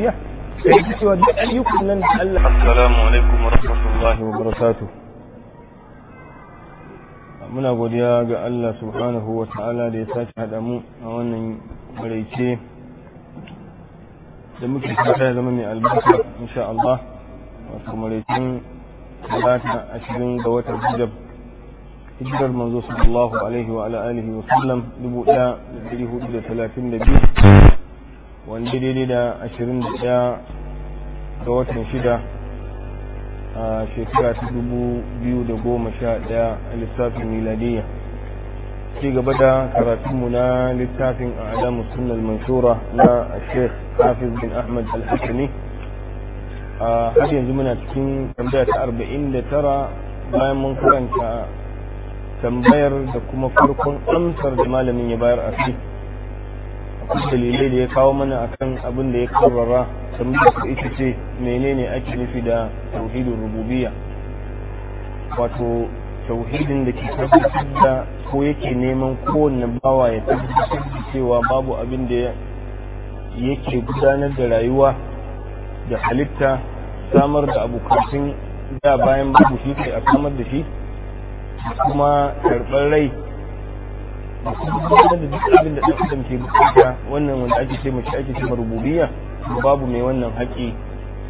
godiya da wa rahmatullahi wa barakatuh muna godiya ga Allah subhanahu wa ta'ala da ya sake haɗa mu a wannan maraice da muke fata ya zama mai albarka insha Allah wato maraicin talata ashirin ga watan hijab hijirar manzo sallallahu wa wa wanda daidai da ashirin da ɗaya ga watan shida a shekara ta dubu biyu da goma sha ɗaya a lissafin miladiyya ci gaba da karatunmu na littafin a adamu sunan mansura na sheikh hafiz bin ahmad al-hassani har yanzu muna cikin tambaya ta arba'in da tara bayan mun karanta tambayar da kuma farkon amsar da malamin ya bayar a kai dalilai da ya kawo mana a kan abin da ya karrara tambayar ku ita ce menene ake nufi da tauhidin rububiya? wato tauhidin da ke tabbatar da ko yake neman kowanne bawa ya tabbatar da cewa babu abin da yake gudanar da rayuwa da halitta samar da abokan da bayan babu shi kai a samar da shi kuma karɓar rai da da duk abin da ɗan ke bukata wannan wanda ake ce mashi ake ce rububiyya babu mai wannan haƙi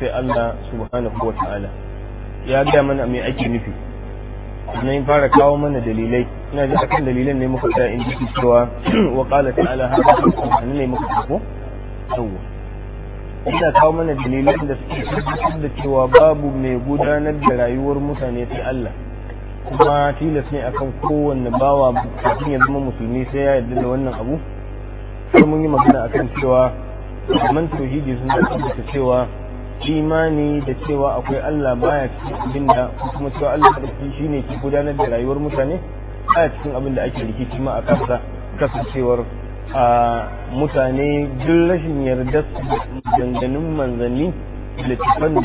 sai Allah subhanahu wa ta'ala ya gaya mana mai ake nufi na yin fara kawo mana dalilai ina ji akan dalilan ne muka ta in ji cewa wa qala ta'ala hada ne ne muka ko yawwa ina kawo mana dalilan da suke tabbatar da cewa babu mai gudanar da rayuwar mutane sai Allah kuma tilas ne akan kowanne bawa mutum ya zama musulmi sai ya yarda da wannan abu sai mun yi magana akan cewa man tauhidi suna tabbata cewa imani da cewa akwai Allah baya cikin abin da kuma cewa Allah da shi ne ke gudanar da rayuwar mutane baya cikin abin da ake rikici ma a kansa kasancewar a mutane duk rashin yarda su danganin manzanni da da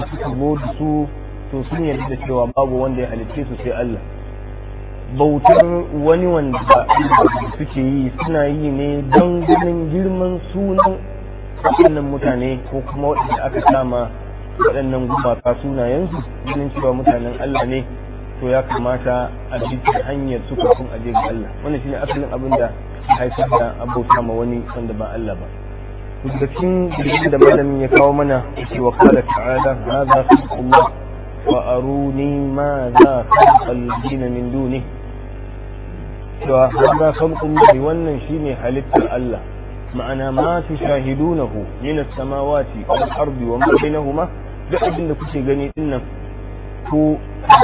suka zo da su to sun yi da cewa babu wanda ya halitta su sai Allah bautar wani wanda suke yi suna yi ne don ganin girman sunan waɗannan mutane ko kuma waɗanda aka sama waɗannan gumaka sunayensu ganin cewa mutanen Allah ne to ya kamata a bi hanyar su kafin a je ga Allah wannan shine asalin abin da haifar da abota ma wani wanda ba Allah ba daga cikin da malamin ya kawo mana cewa qala ta'ala hadha khalqullah وأروني ماذا خلق الذين من دونه فهذا خلق الله وأن شيني halittar allah ma'ana ma tushahidunahu min as-samawati wal ardi wa na bainahuma duk abin da kuke gani din nan ko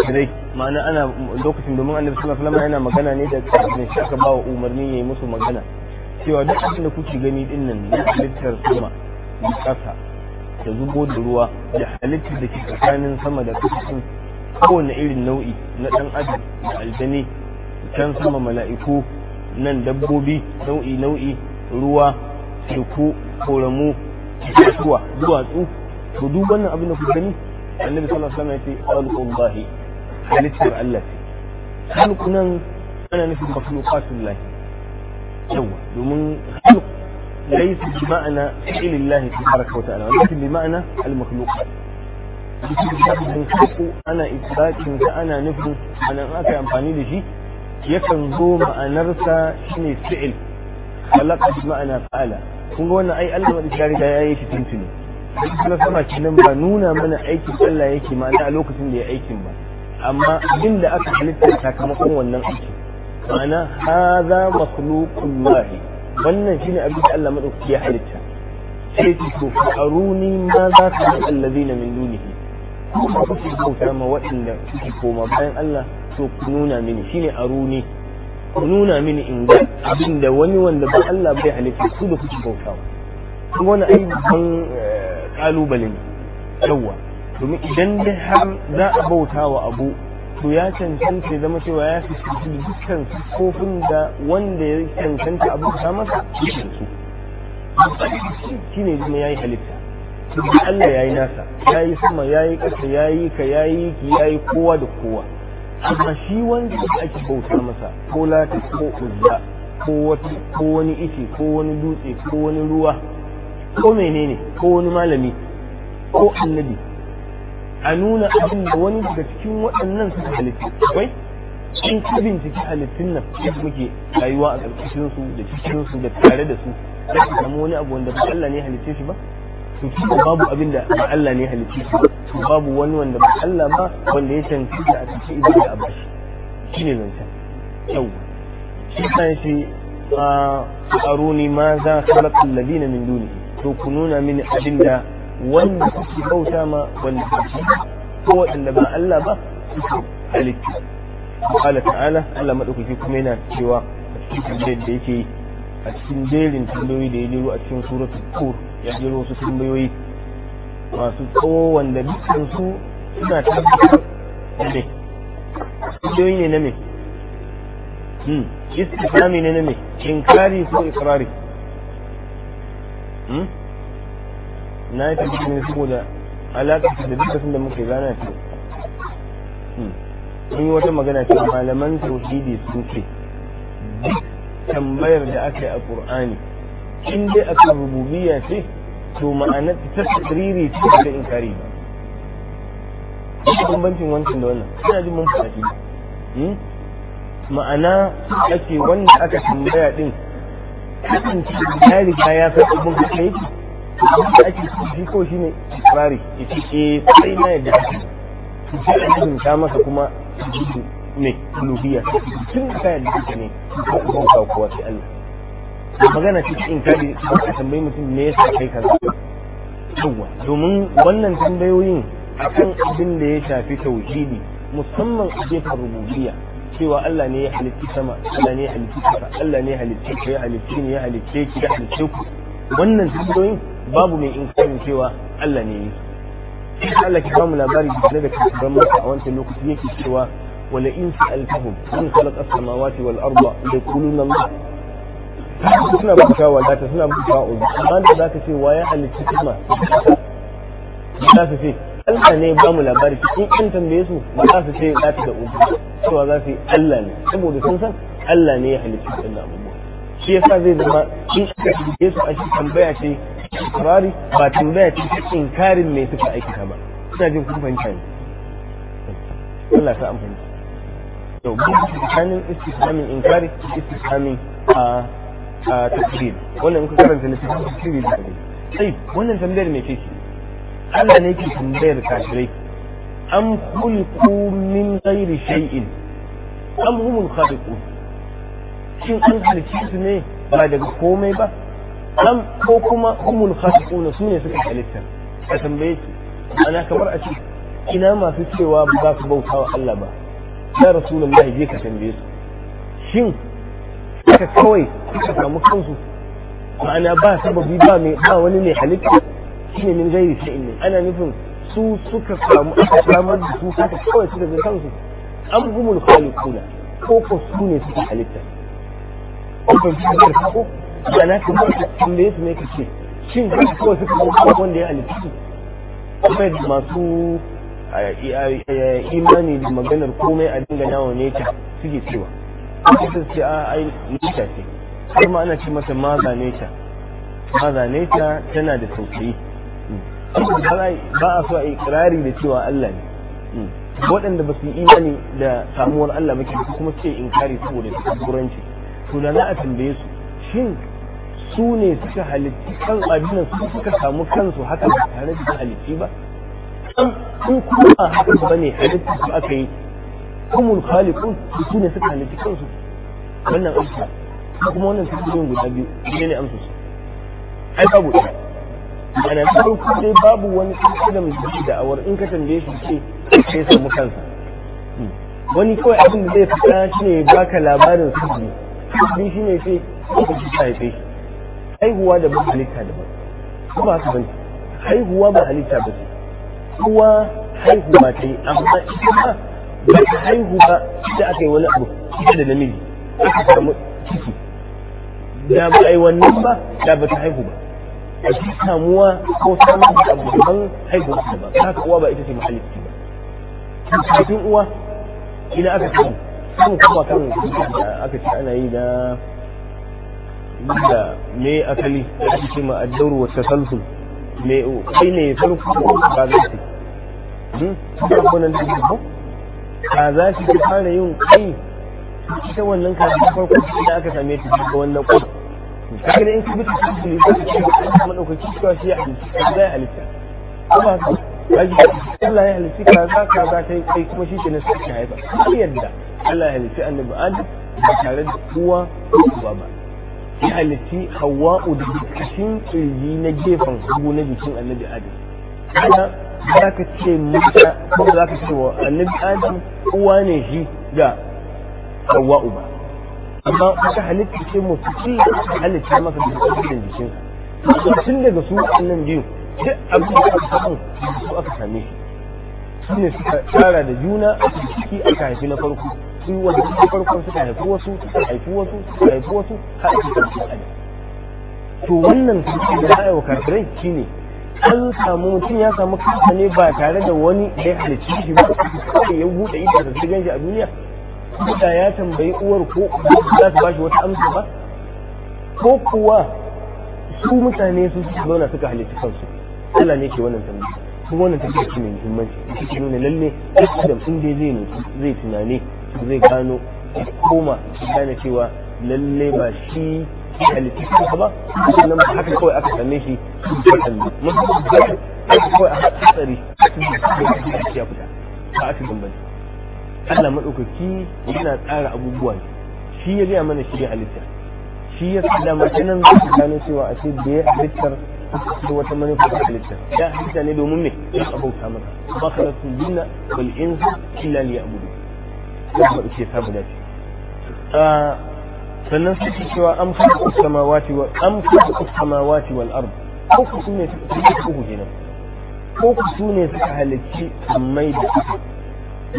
dai ma'ana ana lokacin domin annabi sallallahu alaihi yana magana ne da kafin shi aka bawa umarni ya yi musu magana cewa duk abin da kuke gani din nan na halittar sama da kasa da zubo da ruwa da halittar da ke tsakanin sama da kasashen kowane irin nau'i na ɗan adam da aljani can sama mala'iku nan dabbobi nau'i nau'i ruwa teku koramu itatuwa duwatsu to duk wannan abin da ku gani annabi sallallahu alaihi wasallam ya ce alqullahi halittar Allah ce halkunan ana nufin makhluqatullah yawa domin halq ليس بمعنى فعل الله تبارك وتعالى ولكن بمعنى المخلوقات bin haku ana isbatin sa ana nufin anan aka amfani da shi yakan zo ma'anarsa shine fi'il khalaqa bi ma'ana fa'ala kun ga wannan ai Allah da shari da yayi shi tuntuni kuma sama kenan ba nuna mana aikin Allah yake ma'ana a lokacin da ya aiki ba amma abin aka halittar sakamakon wannan aiki ma'ana hadha makhluqullah wannan shine abin da Allah madaukaki ya halitta sai ki to aruni ma za ka yi allazina min dunihi kuma ku bauta ma waɗanda kuke koma bayan Allah to ku nuna mini shine aruni ku nuna mini in ga abin da wani wanda ba Allah bai halitta su da kuke bauta kuma wani ayyukan kalubale ne yawa domin idan dai har za a bauta wa abu to ya cancanta zama cewa ya fi dukkan kofin da wanda ya cancanta abu ta masa cikin su shi ne zama ya yi halitta da Allah ya yi nasa ya yi sama ya yi ƙasa ya yi ka ya yi ki ya yi kowa da kowa amma shi wanda da ake bauta masa ko lati ko uzza ko wani ice ko wani dutse ko wani ruwa ko menene ko wani malami ko annabi a nuna abin da wani daga cikin waɗannan suka halittu akwai in ka binciki halittun nan yadda muke rayuwa a ƙarƙashin su da cikin su da tare da su za ka samu wani abu wanda ba Allah ne halitte shi ba to kuma babu abin da ba Allah ne halitte shi ba to babu wani wanda ba Allah ba wanda ya cancanta a cikin abu shi shi ne zancen yau shi kan shi a ah, aruni ma za khalaqal ladina min duni to ku nuna mini abin da wanda kuke bauta ma wanda kuke ko waɗanda ba Allah ba suke halitta Allah ta'ala Allah madaukaki kuma yana cewa a cikin tambayar da yake a cikin jerin tambayoyi da ya jero a cikin suratul kur ya jero wasu tambayoyi masu tsawo wanda dukkan su suna tabbatar da ne tambayoyi ne na me hmm istifami ne na me inkari ko ikrari hmm na yi tafi ne saboda alaƙar da duk da muke gana ce sun hmm. yi wata magana ce malaman tauhidi sun ce duk tambayar da aka yi a ƙur'ani in dai aka rububiya ce to ma'anar ta tasiriri ce da inkari ba duk bambancin wancan da wannan suna jin mun faɗi hmm. ma'ana ake wanda aka tambaya din kasance ya riga ya san abin da yake abin da ake so shi ne shine ita ya ce eh, sai na yadda ake to sai an ta masa kuma jibu ne uluhiyya tun da kayan da ne ko kuma ka kuwa sai Allah magana ce in kadi ba ka tambayi mutum me yasa kai kaza yawa domin wannan tambayoyin a kan abin da ya shafi tauhidi musamman a gefen rububiyya cewa Allah ne ya halitta sama Allah ne ya halitta Allah ne ya halitta ya halitta ne ya halitta ki ya halitta ku wannan tambayoyin babu mai inkarin cewa Allah ne yi Allah ke bamu labari da da kafiran maka a wancan lokaci yake cewa wala in sa'altahum man khalaqa as-samawati wal arda la yaquluna Allah suna buka wadata suna buka uzu amma da zaka ce wa ya halitta kuma za su ce Allah ne ba mu labari in an tambaye su ba za su ce za ta da uzu cewa za su yi Allah ne saboda sun san Allah ne ya halitta wannan abubuwa shi yasa zai zama in aka tambaye su ake tambaya ce ikrari ba tambaya ce ta inkarin me suka aikata ba ina jin kun fahimta ne Allah ta amfani to bu tsakanin istislamin inkari istislamin a a takbir wannan in ka karanta ne takbir da ne sai wannan tambayar me ce Allah ne ke tambayar kafirai am khuliqu min ghairi shay'in am humul khaliqun shin an halice su ne ba daga komai ba am ko kuma umul khasiquna su ne suka halitta ka tambaye ki ana kamar a ce ina masu cewa ba su bauta wa Allah ba ya rasulullah je ka tambaye su shin ka kawai ka samu kansu ma'ana ba sababi ba mai ba wani ne halitta shine min gairi shay'in ne ana nufin su suka samu aka samar da su haka kawai suka kansu an humul khaliquna ko ko su ne suka halitta ofin su da kako da na kuma ka tambaye su ne ka ce shin ka kawai suka kuma wanda ya halitta kuma da masu imani da maganar komai a dinga dangana ne ta suke cewa kuma ce a ai ta ce har ma ana ce masa maza ne ta. maza ne ta tana da tausayi hmm. ba a so a ikirari da cewa Allah ne hmm. waɗanda ba su yi imani da samuwar Allah ba kuma ce inkari saboda su kuranci to na za a tambaye su shin su ne suka halitti kan abinan su suka samu kansu haka ba tare da halitti ba in kuma haka ba ne halitta su aka yi kumul khaliqun su ne suka halitti kansu wannan amsa kuma wannan tambayoyin guda biyu ne ne amsa su ai babu ɗaya ana farko dai babu wani adam da awar in ka tambaye shi ce sai samu kansa hmm. wani kawai abin da zai fita ne baka labarin su ne sabbi shi ne sai aka ji ta haife shi haihuwa da ban halitta da ba ba haka bane haihuwa ba halitta ba ce kowa haihuwa yi amma ita ba ba ta haihu ba ita aka yi wani abu ita da namiji aka samu ciki da ba a yi wannan ba da ba ta haihu ba a ci samuwa ko samun da abu daban haihuwa ta ba haka uwa ba ita ce mahalicci ba kafin uwa ina aka samu kan kuma kan da aka ce ana yi da da me asali da ake ce ma addauru wa tasalsul me kai ne farko ba za su hmm? da kuma da ba ka za shi ta fara yin kai ita wannan ka da farko da aka same ta daga wannan kuma kaga ne in ka bi ta tasalsul ba ta ce ba madaukaki cewa shi ya halitta zai halitta kuma Allah ya halitta kaza kaza ta yi kai kuma shi ke na sai haifa yadda Allah ya halitti annabi Adam ba tare da uwa kowa ba ya halitti Hawwa'u da kashin tsirji na gefen hagu na jikin annabi Adam kana za ka ce mata ko za ka ce wa annabi Adam uwa ne shi ga Hawwa'u ba amma wata halitta ce aka halitta masa da jikin jikinsa tun daga su nan biyu duk abin da aka samu su aka same shi Sune suka tsara da juna a ciki aka haifi na farko su wanda su farkon suka haifi wasu suka haifi wasu suka haifi wasu har su karfi adam to wannan sarki da za a yi wa kafirai shine an samu mutum ya samu kansa ne ba tare da wani da ya halicci shi ba kawai ya buɗe ita da su shi a duniya da ya tambayi uwar ko za su bashi wata amsa ba ko kuwa su mutane su suka zauna suka halicci kansu Allah ne ke wannan tambaya kuma wannan tambaya shi ne muhimmanci ita ke nuna lalle ɗan adam in dai zai zai tunani zai gano koma gane cewa lalle ba shi halittu ba sannan ba haka kawai aka same shi sannan mun ga haka kawai aka tsari a hatsari ya fita ba aka gambani Allah madaukaki yana tsara abubuwa shi ya gaya mana shi ya halitta shi ya sa da mutanen za su gano cewa a ce da ya halittar da wata manufa ta halitta ya halitta ne domin me ya abauta maka ba khalaqul jinna wal insa illa liya'budun Allah ya samu dace ah, sannan suke cewa an fara samawati wa an fara samawati wal ard ko ku sune suka ku kenan ko ku sune suka halicci sammai da suka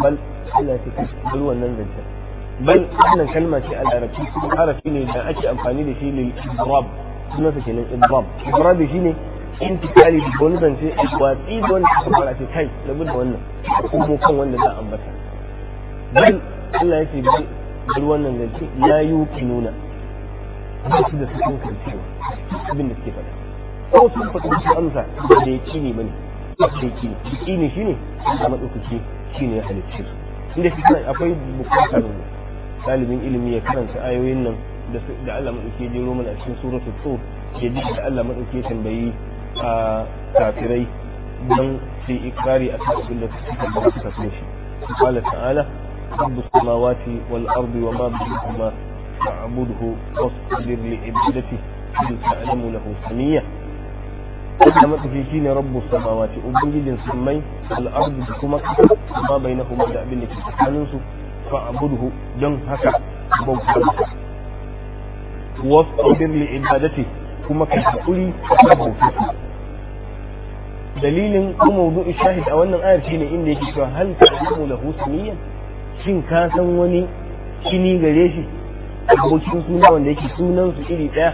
bal Allah ta kashi bal wannan zance bal wannan kalma ce a larabci kuma harafi ne da ake amfani da shi lil idrab sunan sa kenan idrab idrab shine intikali da wani zance watsi da wani kafara ce kai labu da wannan ko kan wanda za a ambata bal Allah ya ce bal bal wannan zance la yuqinuna ba su da cikin kancewa abin da suke faɗa ko sun faɗi su amsa da ya ci ne mani da ya ki ne ci ne shine a madaukaki shine ya halicce su inda shi akwai bukatar talibin ilimi ya karanta ayoyin nan da Allah maɗauki jiro mana a cikin suratu to ke ji da Allah maɗauki tambayi a kafirai don su yi a cikin da suka tambaya su sun shi. qala ta'ala رب السماوات والأرض وما بينهما فاعبده واصطبر لعبادته إن تعلم له سمية وما تفيكين رب السماوات أبنجد سمي الأرض بكما وما بينهما دعبنك سحانس فاعبده جنهك بوكالك واصطبر لعبادته كما كتقولي فاعبده دليل وموضوع الشاهد أولا آية هنا إن هل تعلم له سمية shin ka san wani kini gare shi abokin suna wanda yake sunan su iri daya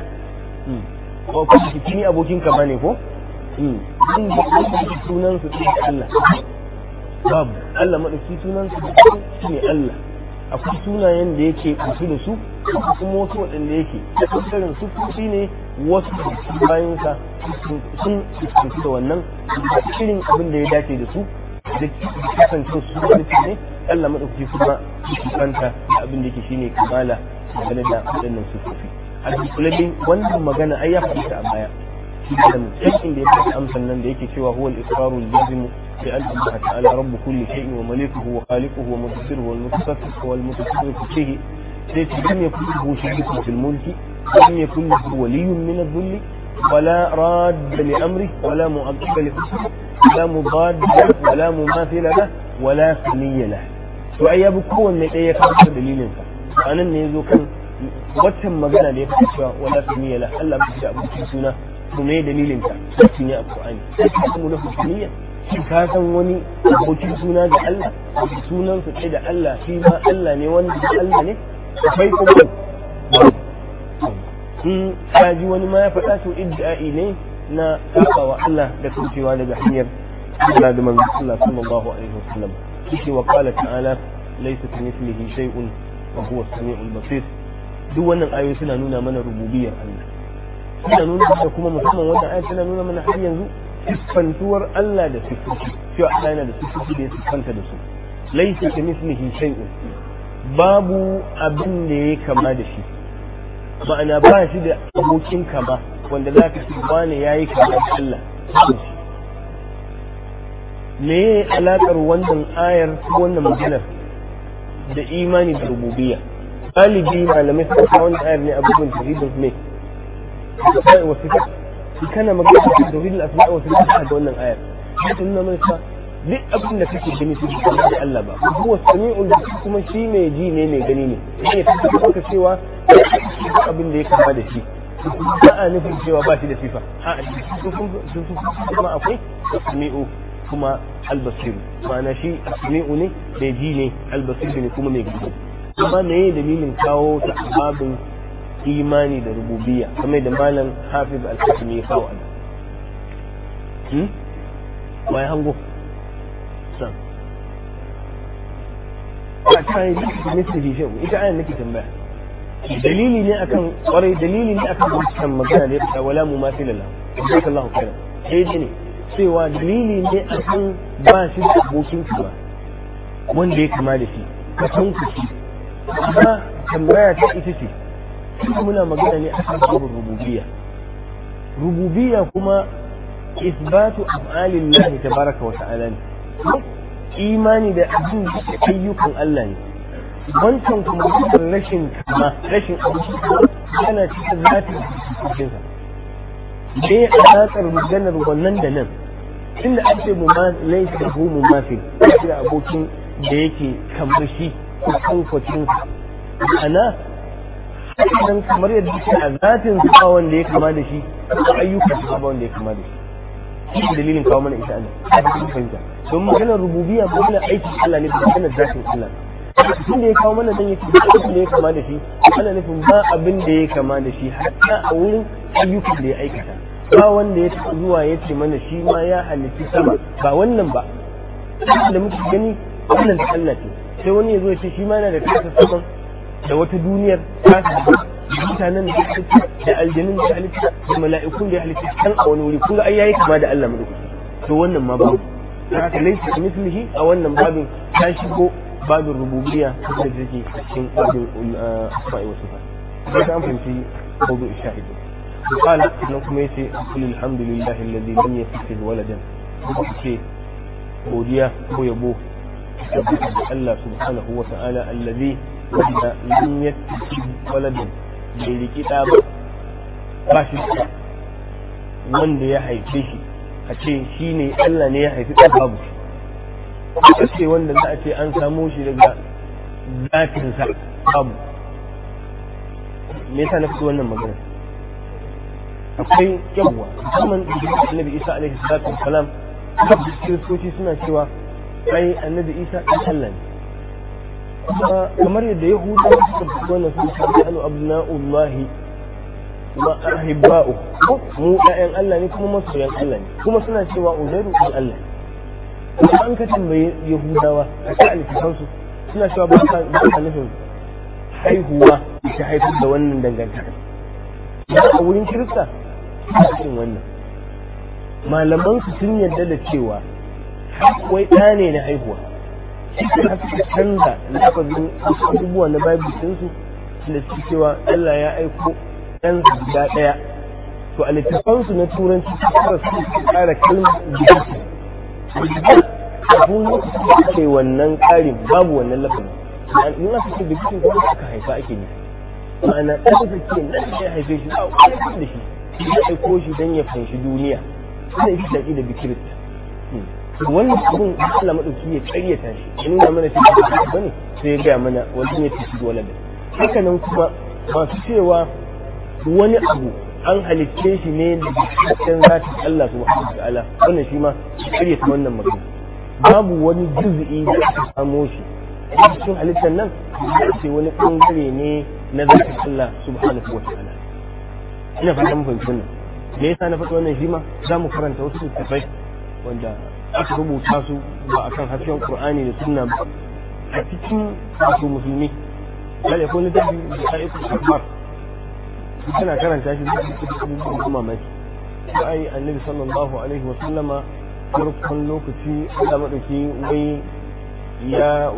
ko hmm. kuma kini abokin ka bane ko hmm. ba da yake sunan su iri Allah babu Allah madauki sunan su ne Allah akwai sunayen da yake kusa da su kuma wasu waɗanda yake kusurin su kusi ne wasu bayan sa sun kusu da wannan irin abin da ya dace da su duk kasance su mutane Allah madaukaki kuma yake kanta da abin da yake shine kamala dangane da waɗannan sufofi a dukkanin wannan magana ai ya fita a baya shi da mutum da ya fita amsan nan da yake cewa huwa al-iqraru al-jazimu bi anna Allah ta'ala rabb kulli shay'in wa malikuhu wa khaliquhu wa mudassiruhu wa mutasassifu wa mutasassifu fihi sai ce lam yakun lahu shirkun fil mulki lam yakun lahu waliyyun min adh-dhulli ولا راد لأمره ولا مؤكد لحكمه ولا مضاد له ولا مماثل له ولا ثني له to ai ya bi kowanne ɗaya ya kawo dalilin sa a nan ne zo kan waccan magana da ya fi cewa wala ثني له Allah ba shi da abokin suna to me dalilin ta shi ne a Qur'ani mu wani abokin suna da Allah sunan sa da Allah shi ma Allah ne wanda Allah ne akwai kuma in ka ji wani ma ya faɗa to idda'i ne na sakawa Allah da kaucewa daga hanyar Allah da manzon Allah sallallahu alaihi wasallam shi wa qala ta'ala laysa kamithlihi shay'un wa huwa as-sami'ul basir duk wannan ayoyi suna nuna mana rububiyar Allah suna nuna mana kuma musamman wannan ayoyi suna nuna mana har yanzu siffantuwar Allah da siffofi cewa Allah yana da siffofi da ya siffanta da su laysa kamithlihi shay'un babu abin da ya kama da shi ma'ana ba shi da abokin kama wanda za ka ce wane ya yi kama da Allah me alaƙar wannan ayar ko wannan maganar da imani da rububiyya galibi malamai suka kawo wannan ayar ne abubuwan tauhidin ne wasu kana magana da tauhidin asma'a wasu da wannan ayar sai nuna mana duk abin da kake gani su da Allah ba huwa sami'ul da kuma shi mai ji ne mai gani ne ne ta kuka cewa abin da ya kama da shi ba a nufin cewa ba shi da sifa a sun kuma akwai sami'u kuma albasir ma'ana shi sami'u ne mai ji ne albasir ne kuma mai gani amma me dalilin kawo ta babin imani da rububiyya kamar da malam hafiz al-kasimi ya kawo a hmm? wai hango ta a kan misali shi ita ayan nake tambaya dalili ne akan kwarai dalili ne akan wancan magana da ya fada wala mu mafi lalla jazakallahu khairan sai ne cewa dalili ne akan ba shi da abokin ba wanda ya kama da shi ka san ku shi amma tambaya ta ita ce kuma muna magana ne akan babu rububiyya rububiyya kuma isbatu af'alillahi tabaraka wa ta'ala ne imani da abin da ke ayyukan Allah ne wancan kuma cikin rashin kama rashin abu yana cikin zati cikin sa me alaƙar maganar wannan da nan inda an ce mumma ma laisa hu mu mafi da abokin da yake kamar shi ko kankwacin sa ma'ana dan kamar yadda yake a zatin sa wanda ya kama da shi ayyukan sa wanda ya kama da shi shi ne dalilin kawo mana Allah a cikin fahimta don rububiyya rububiya maganar aikin Allah ne ba maganar zakin Allah tun da ya kawo mana dan yake duk abin da ya kama da shi ana nufin ba abin da ya kama da shi hatta a wurin ayyukan da ya aikata ba wanda ya taɓa zuwa ya ce mana shi ma ya halitta sama ba wannan ba da muke gani wannan Allah ce sai wani ya zo ya ce shi ma yana da kasa saman da wata duniyar ta da mutanen da halitta da aljanun da halitta da mala'ikun da halitta can a wani wuri kun ai yayi kama da Allah mu to wannan ma babu haka laysa kamithlihi a wannan babin ta shigo babin rububiyya da take cikin babin uh, asma'i wa sifat da ta amfanci mawdu shahid قال انكم يتي قل الحمد لله الذي لم يتخذ ولدا ce godiya ko yabo da Allah subhanahu wa ta'ala allazi wanda lam yattafi waladin bai riki ɗa ba ba shi da wanda ya haife shi a ce shi ne Allah ne ya haifi ɗan babu shi a ce wanda za a ce an samo shi daga sa babu me yasa na fito wannan magana akwai yawwa musamman da annabi isa alaihi salatu wasalam kiristoci suna cewa ai annabi isa ɗan Allah ne kamar yadda yahuda suka fito na sun shafi anu abna'ullahi wa ahibba'u mu ɗayan Allah ne kuma yan Allah ne kuma suna cewa uzairu ɗan Allah kuma an ka tambaye yahudawa a ta alifisansu suna cewa ba ka nufin haihuwa ta haifar da wannan dangantaka a wurin kirista suna cikin wannan malamansu su sun yarda da cewa wai ɗa ne na haihuwa da suka canza lafazin abubuwa na babu ɗinsu da suke cewa Allah ya aiko ɗan gida ɗaya to a littafansu na turanci su fara su ƙara kalmar gudansu kafin lokacin da wannan ƙarin babu wannan lafazin in aka ce bikin kuma aka haifa ake ne ma'ana ɗan da nan ya haife shi ba a da shi ya aiko shi don ya fahimci duniya sai shi daɗi da bikirin wannan abun Allah madauki ya ta shi ya nuna mana shi ba bane sai ya gaya mana wani ya tafi wala bai haka nan kuma masu cewa wani abu an halicce shi ne da cikin zatin Allah subhanahu wataala wannan shi ma karyata wannan magana babu wani juz'i da aka samo shi cikin halittar nan ce wani bangare ne na zatin Allah subhanahu wataala ina fata mun fahimci wannan me yasa na faɗi wannan shi ma za mu karanta wasu littattafai wanda aka rubuta su ba akan hasken qur'ani da sunna ba a cikin wato musulmi kada ko da kana karanta shi zai kuma mai ai annabi sallallahu alaihi wa sallama farkon lokaci Allah madauki wai ya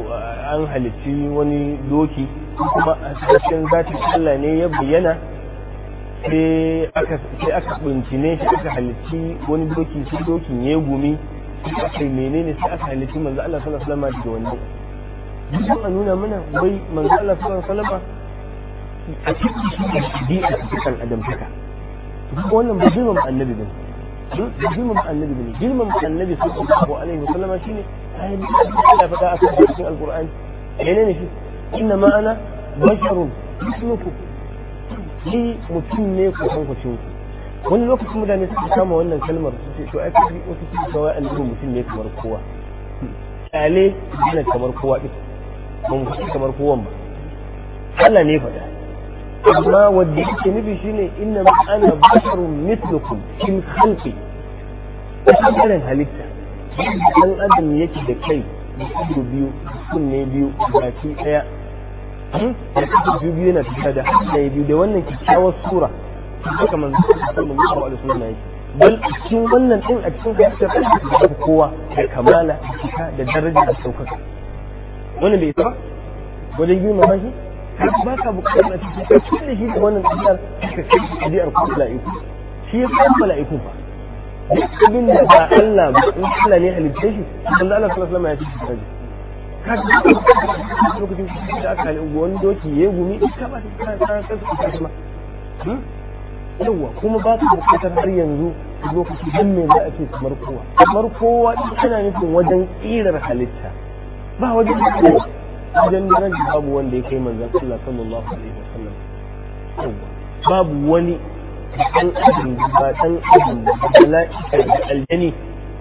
an halicci wani doki kuma hasken zati Allah ne ya bayyana sai aka bincine shi aka halitti wani doki su dokin ya gumi sai aka menene sai aka halitti manzo Allah sallallahu alaihi wasallam daga wannan duk a nuna mana wai manzo Allah sallallahu alaihi wasallam a cikin shi ne bi'a cikin adam haka duk wannan ba girman annabi bane girman annabi bane girman annabi sallallahu alaihi wasallam shine ayin Allah faɗa a cikin alqur'ani menene shi inna ma ana basharun mislukum ni mutum ne ku san ku wani lokacin mutane suka kama wannan kalmar su ce to ai kafi wasu su kawai annabi mutum ne kamar kowa kyale yana kamar kowa din ba mu kamar kowan ba Allah ne faɗa amma wanda yake nufi shine inna ma ana basharu mithlukum in khalqi ɓangaren halitta dan adam yake da kai da ido biyu kunne biyu baki ɗaya da kake biyu biyu yana tafiya da hannaye biyu da wannan kyakkyawar sura haka manzo sallallahu alaihi wasallam yake bal cikin wannan din a cikin gaskiya da kowa da kamala da cika da daraja da saukaka wannan bai isa ba wajen girma ba shi ba ka bukatar a cikin ka kulle shi da wannan ɗabi'ar ka kai a ɗabi'ar ko mala'iku shi ya san mala'iku ba duk abin da ba Allah ba in Allah ne halitta shi manzo Allah sallallahu alaihi wasallam ya ce shi lokacin da aka hali wani doki ya gumi ka kuma ba su bukatar har yanzu lokaci don me za a ce kamar kowa kamar kowa tana ana nufin wajen tsirar halitta ba wajen wajen daraja babu wanda ya kai manzan Allah sallallahu alaihi sallam, babu wani dan abin ba dan adam da mala'ika da aljani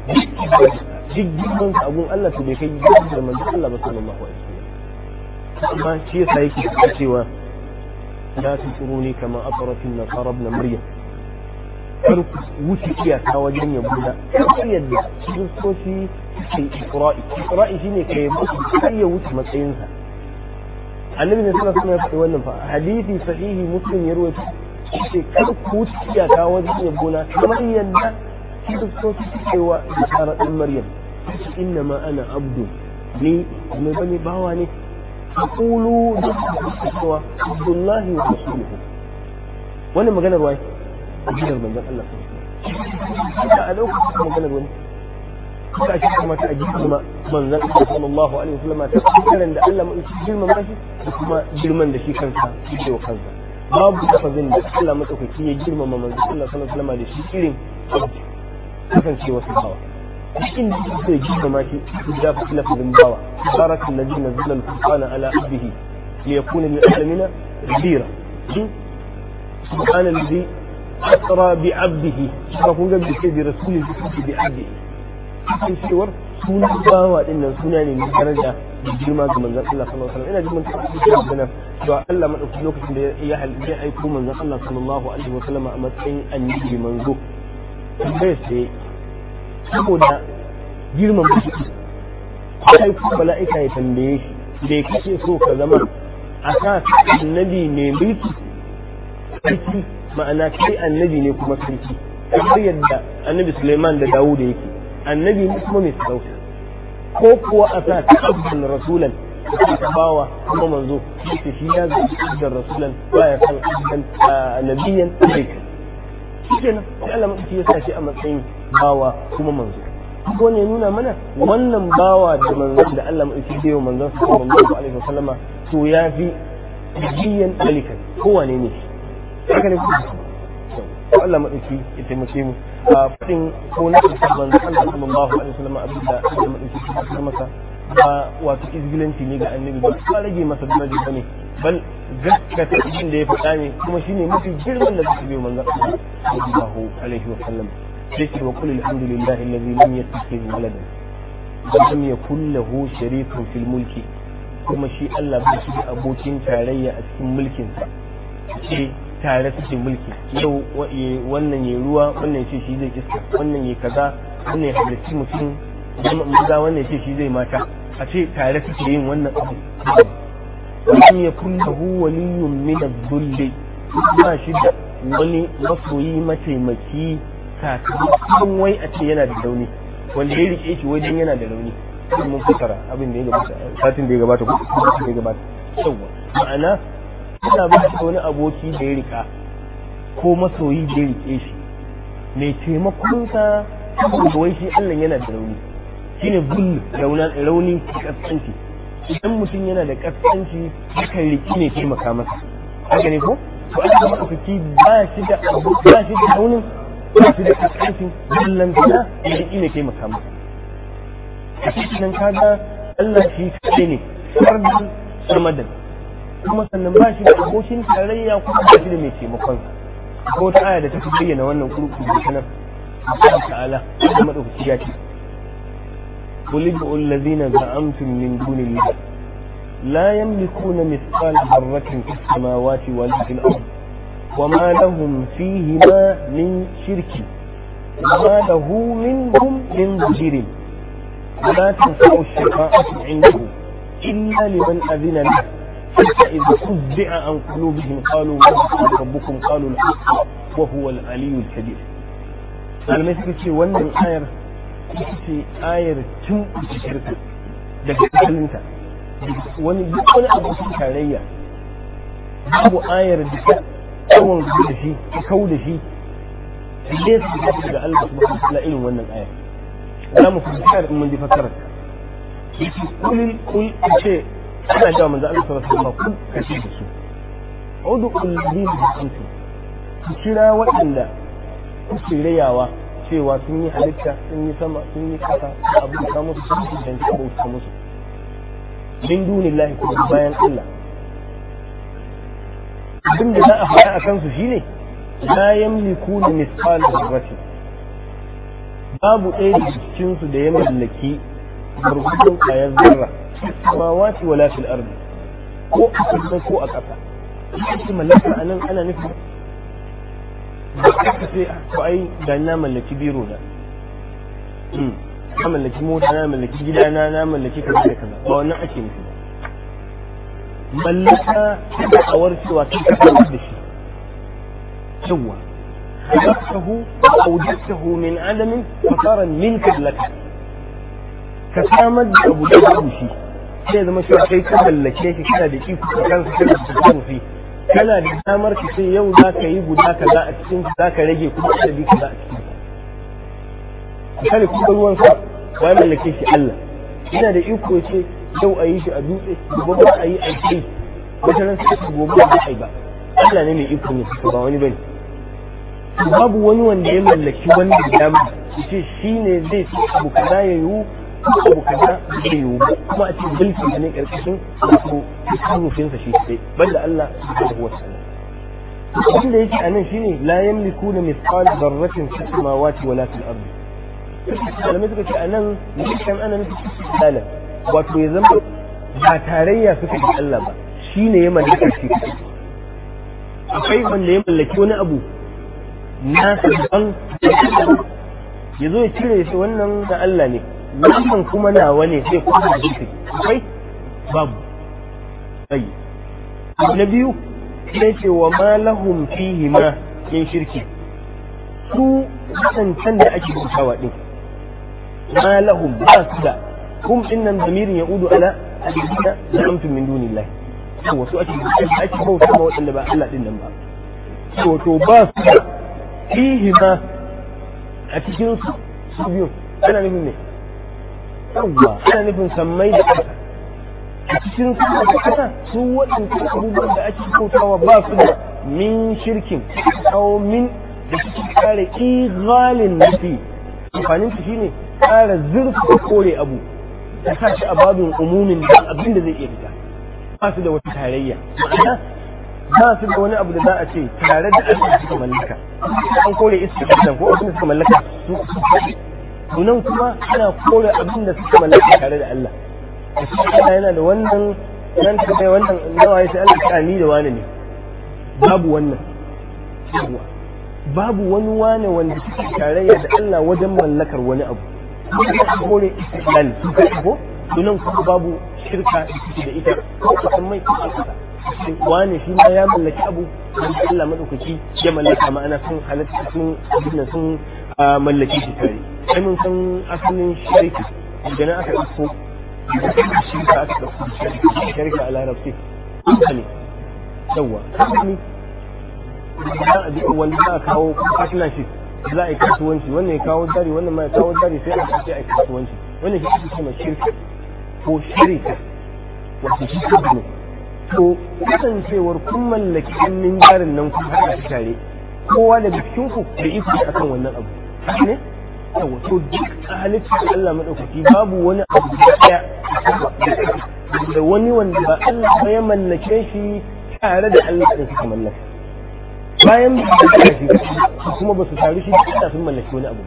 duk duk girman abun Allah su bai kai girman da manzo Allah ba sallallahu alaihi wasallam amma shi ya yasa yake cewa la tusuruni kama asrat na nasara na maryam kar ku wuce kiya iyaka wajen buɗa da yadda kiristoci suke isra'i isra'i shine kai mutum kai ya wuce matsayinsa annabi ne sallallahu alaihi wasallam ya faɗi wannan fa hadisi sahihi muslim ya rawaito ce kar ku wuce kiya iyaka wajen ya buɗa kamar yadda kiristoci suke wa isara ɗan maryam ce inna ma ana abdu ni mai bane bawa ne aqulu cewa abdullahi wa rasuluhu wannan maganar wai maganar manzon Allah da a lokacin maganar wani suka ake kuma ta aji kuma manzon Allah sallallahu alaihi wasallam ta karan da Allah mai girman shi da kuma girman da shi kansa yake wa kansa babu lafazin da Allah madaukaki ya girmama manzon Allah sallallahu alaihi wasallam da shi irin kasancewa sabawa cikin da suke so ya girmama su da fi lafazin bawa barakan da jina zula alfurqana ala abdihi li yakuna lil alamina nadira subhana alladhi asra bi abdihi kuma kun ga bi ce bi rasulin bi abdihi cikin cewar sunan bawa din nan suna ne mai daraja da girma ga manzon Allah sallallahu alaihi ina jin mun tabbata da nan cewa Allah madauki lokacin da ya halitta aiko manzon Allah sallallahu alaihi wasallam a matsayin annabi manzo sai sai saboda girman shi sai ku mala'ika ya tambaye shi da ya kake so ka zama a sa annabi ne mulki sarki ma'ana kai annabi ne kuma sarki kamar yadda annabi Suleiman da dawo Dawud yake annabi ne kuma mai sarauta ko kuwa a sa abdan rasulan ka bawa kuma manzo yake shi ya zai abdan rasulan baya san abdan ah, nabiyan alaika shi kenan sai Allah ya sa shi a matsayin bawa kuma manzo ko ne nuna mana wannan bawa da manzo da Allah mai bai wa manzo sallallahu alaihi wasallam to ya fi jiyan ko wane ne haka ne ko Allah mai ya taimake mu a cikin ko na sabon Allah sallallahu alaihi wasallam abinda Allah mai ya masa ba wato izgilanci ne ga annabi ba ba rage masa daraja ba ne bal gaskata abin da ya faɗa ne kuma shine mafi girman da zai biyo manzo sallallahu alaihi wasallam ذكر وقل الحمد لله الذي لم يتخذ ولدا ولم يكن له شريك في الملك kuma shi Allah ba shi abokin tarayya a cikin mulkin mulkinsa ce tare suke mulki yau wannan ya ruwa wannan ce shi zai iska wannan ya kaza wannan ya halitta mutum maza wannan ce shi zai mata a ce tare suke yin wannan abu wannan ya kulla hu waliyun min ad-dhulli ba shi da wani masoyi mataimaki tun wai a ce yana da launi wanda ya rike shi wajen yana da launi sai mun fassara abin da ya gabata satin da ya gabata ko satin da ya gabata yawa ma'ana ina shi wani aboki da ya rika ko masoyi da ya rike shi mai taimakon sa saboda wai shi Allah yana da rauni shine bull rauni kaskanci idan mutum yana da kaskanci hakan rike ne taimaka masa haka ne ko to Allah ba shi da ba shi da raunin ina su da kaskanci wannan gida idan ina ke makamu a cikin kaga Allah shi kaɗai ne fardan samadan kuma sannan ba shi da abokin tarayya kuma ba shi da mai taimakon ko ta aya da ta fi bayyana wannan kurkuku da sanar Allah ta'ala da madaukaki ya ce قل ادعوا الذين زعمتم من دون الله لا يملكون مثقال ذرة في السماوات ولا في الأرض وما لهم فيهما من شرك وما له منهم من ضجير ولا تنفع الشفاعة عنده إلا لمن أذن له حتى إذا فزع عن قلوبهم قالوا ربكم قالوا الحق وهو العلي الكبير قال suka ce wannan ayar ita ce ayar tun shirka daga asalinta wani duk wani abokin tarayya babu tsawon da shi ya kau da shi lalle su tafi da Allah subhanahu wa ta'ala irin wannan aya za mu fahimta in mun ji fassarar yake kulin kul ce ana ga manzo Allah sallallahu alaihi wasallam kun kace da su udu alladhina kuntum ku kira waɗanda kuke rayawa cewa sun yi halitta sun yi sama sun yi kasa abu da musu sun yi dan musu min lahi kuma bayan Allah abin da za a faɗa a kansu shi shine la yamliku na misal zarrati babu ɗaya da cikinsu da ya mallaki gurgudun ƙwayar zarra samawati wala fil ardi ko a kasa ko a ƙasa shi mallaka a nan ana nufi. ba ka ce ko ai da na mallaki biro na hmm. na mallaki mota na mallaki gida na na mallaki kaza da kaza ba wannan ake nufi mallaka da'awar cewa kai ka samar da shi yawa خلقته أوجدته من عدم فصار منك لك كسامد أبو جهل shi. sai zama cewa kai ka mallake shi kana da iko ka kansa kana da shi. kana da damar ka sai yau za ka yi guda kaza a cikin za ka rage kuma ka bi kaza a cikin misali kuma ruwan sa wai mallake shi Allah yana da iko ce yau a yi shi a dutse gobe ba a yi a kai wata ran sai gobe ba a yi ba Allah ne mai iko ne ba wani bane babu wani wanda ya mallaki wanda dama ce shi ne zai ci abu kaza ya yiwu ko abu kaza zai yiwu kuma a ce bilki ne karkashin wato tasarrufinsa shi sai banda Allah subhanahu wa ta'ala abin da yake anan shine la yamliku na mithqal dharratin fi samawati wala fil ardi malamai suka ce a anan mutum ana nufin misalan wato ya zama ba tarayya suka da Allah ba shi ne ya mallaka shi akwai wanda ya mallaki wani abu na sabon ya zo ya cire shi wannan da Allah ne wannan kuma nawa ne sai kuma da shi akwai babu na biyu sai ce wa ma lahum fihi ma min shirki su wadancan da ake bautawa din ma lahum ba su da hum dinnan zamirin ya udu ala alladina zalamtum min dunillah yawa su ake ake bauta ma waɗanda ba Allah din nan ba to to ba su fihi ma a cikin su su biyu ana nufin ne yawa ana nufin sammai da ƙasa a cikin su da ƙasa su waɗanda abubuwan da ake bautawa ba su da min shirkin au min da suke kare ighalin nafi amfanin shi shine kara zurfa kore abu ta sa shi a babin umumin da abin da zai iya fita ba su da wata tarayya ba su da wani abu da za a ce tare da abin suka mallaka an kore iska kisan ko abin da suka mallaka su sunan kuma ana kore abin da suka mallaka tare da Allah a Allah yana da wannan nan ta kai wannan nawa ya sai Allah ta ni da wani ne babu wannan babu wani wane wanda suke tarayya da Allah wajen mallakar wani abu ne ya istiqlal duka ko babu shirka da da ita ko kasan mai wani shi ma ya mallaki abu wanda Allah madaukaki ya mallaka ma'ana sun halatta sun abinda sun mallaki shi tare sai mun san asalin shirki idan aka dauko da shirka aka dauko da a larabci ne yawa wanda za a kawo partnership za a yi kasuwanci wannan ya kawo dare, wannan ma ya kawo dare sai a kace a yi kasuwanci wannan shi ake cewa shirka ko shirka wato shi ne to kasancewar kun mallaki hannun jarin nan kun haɗa shi tare kowa daga cikin ku da iko akan wannan abu haka ne yawa to duk a halittar Allah maɗaukaki babu wani abu da ɗaya da wani wanda ba Allah ba ya mallake shi tare da Allah ɗin suka mallaka bayan ba su tsara shi kuma ba su taru shi da sun mallaki wani abu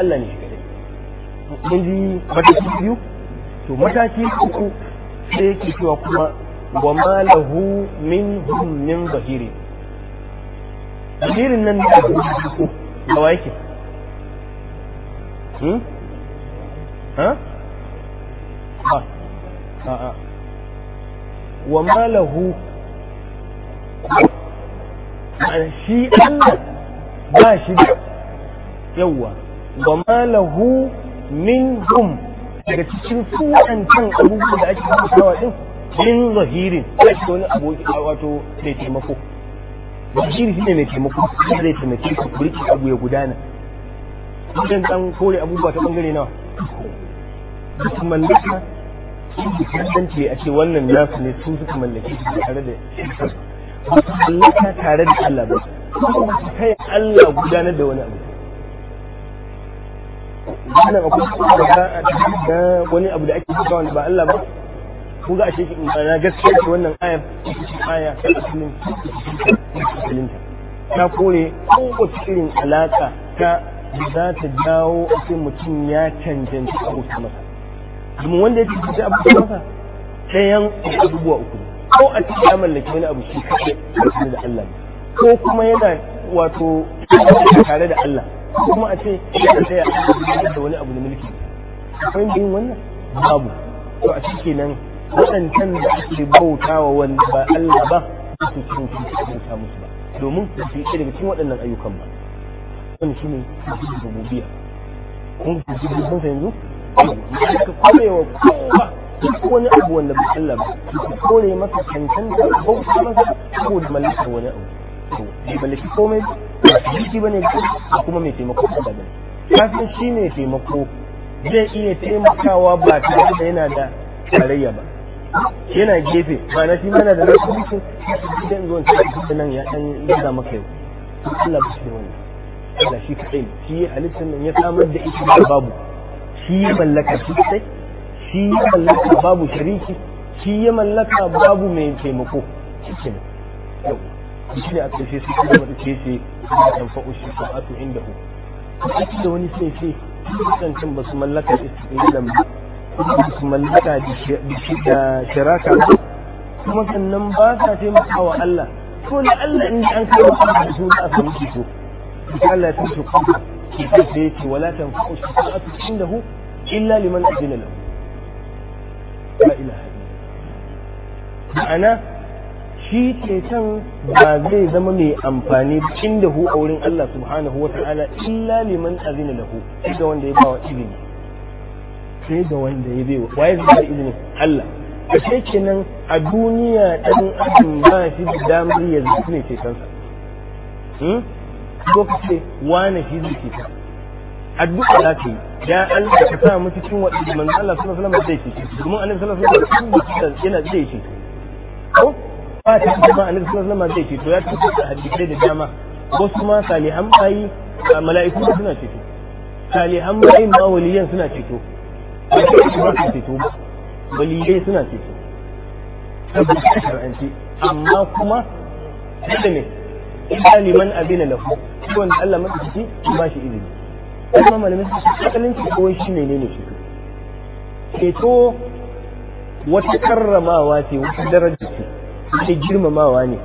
Allah ne shi kadai mun ji mataki biyu to mataki uku sai yake cewa kuma wa ma lahu minhum min bahiri bahirin nan da ku da wa hmm ha ha ha wa ma lahu shi Allah ba shi da yawa ba malahu min hum daga cikin su abubuwa da ake bautawa din min zahirin ya ce wani aboki wato da taimako zahiri ne mai taimako zai taimake ka kurki abu ya gudana idan an kore abubuwa ta bangare nawa su mallaka inda kan a ce wannan nasu ne su suka mallake su tare da Allah tare da Allah ba kai Allah gudanar da wani abu wannan akwai da wani abu da ake cewa ba Allah ba ko ga ashe na gaskiya ce wannan aya aya ta asalin ta kore ko cikin alaka ta za ta dawo a cikin mutum ya cancanci abu ta masa domin wanda ya cancanci abu ta masa yan abubuwa uku ko a ce ya mallaki wani abu shi a cikin da Allah ne, ko kuma yana wato tare da Allah ko kuma a ce yana tsaya a da wani abu na mulki akwai yin wannan babu to a cikin nan waɗancan da ake bautawa wanda ba Allah ba su cikin cikin ta musu ba domin su yi daga cikin waɗannan ayyukan ba wani shi ne rububiya kun ji kun yanzu ka kwarewa kowa duk wani abu wanda ba Allah ba ki kore masa cancanta bauta ko da mallaka wani abu to ni mallaki komai ba ki bane ba kuma mai taimako Allah bane kafin shi ne taimako zai iya taimakawa ba tare da yana da tarayya ba yana gefe ba na shi mana da rashin mutum idan zuwan da nan ya dan gaza maka yau Allah ba shi da wani Allah shi kaɗai shi halittar nan ya samar da ita babu shi mallaka shi kaɗai shi ya mallaka babu shariki shi ya mallaka babu mai taimako cikin yau shi ne a ƙarshe su kuma da ce ce shi inda da wani sai ce kusancin ba su mallaka ba su mallaka da shiraka ba kuma sannan ba sa taimaka wa Allah ko ne Allah in an kai wa da su da aka mutu to Allah ya tashi kuma ki ce wala tanfa'u shi sa'atu inda illa liman ajina lahu la ilaha ma'ana shi can ba zai zama mai amfani da hu a wurin Allah subhanahu wa ta'ala illa liman azina lahu sai ga wanda ya bawa izini sai ga wanda ya baiwa waye zai ba izinin Allah a sai nan a duniya dan adam ba shi da damar ya zai ne cetonsa hmm? kansa kace wane shi zai cetonsa addu'a za ta yi ya Allah ka sa mu cikin waɗanda manzo Allah sallallahu alaihi wasallam zai ce kuma annabi sallallahu alaihi wasallam cikin yana zai ce ko ba ta kuma annabi sallallahu alaihi wasallam zai ce to ya da hadisi da dama wasu ma salihan bayi mala'iku suna ceto salihan bayi ma waliyan suna ceto ba ba waliyai suna ceto tabbata shar'anci amma kuma da ne illa liman abina wanda Allah madauki ba shi ilimi kuma malamin su asalin ceto shi ne ne ceto ceto wata karramawa ce wata daraja ce wata girmamawa ne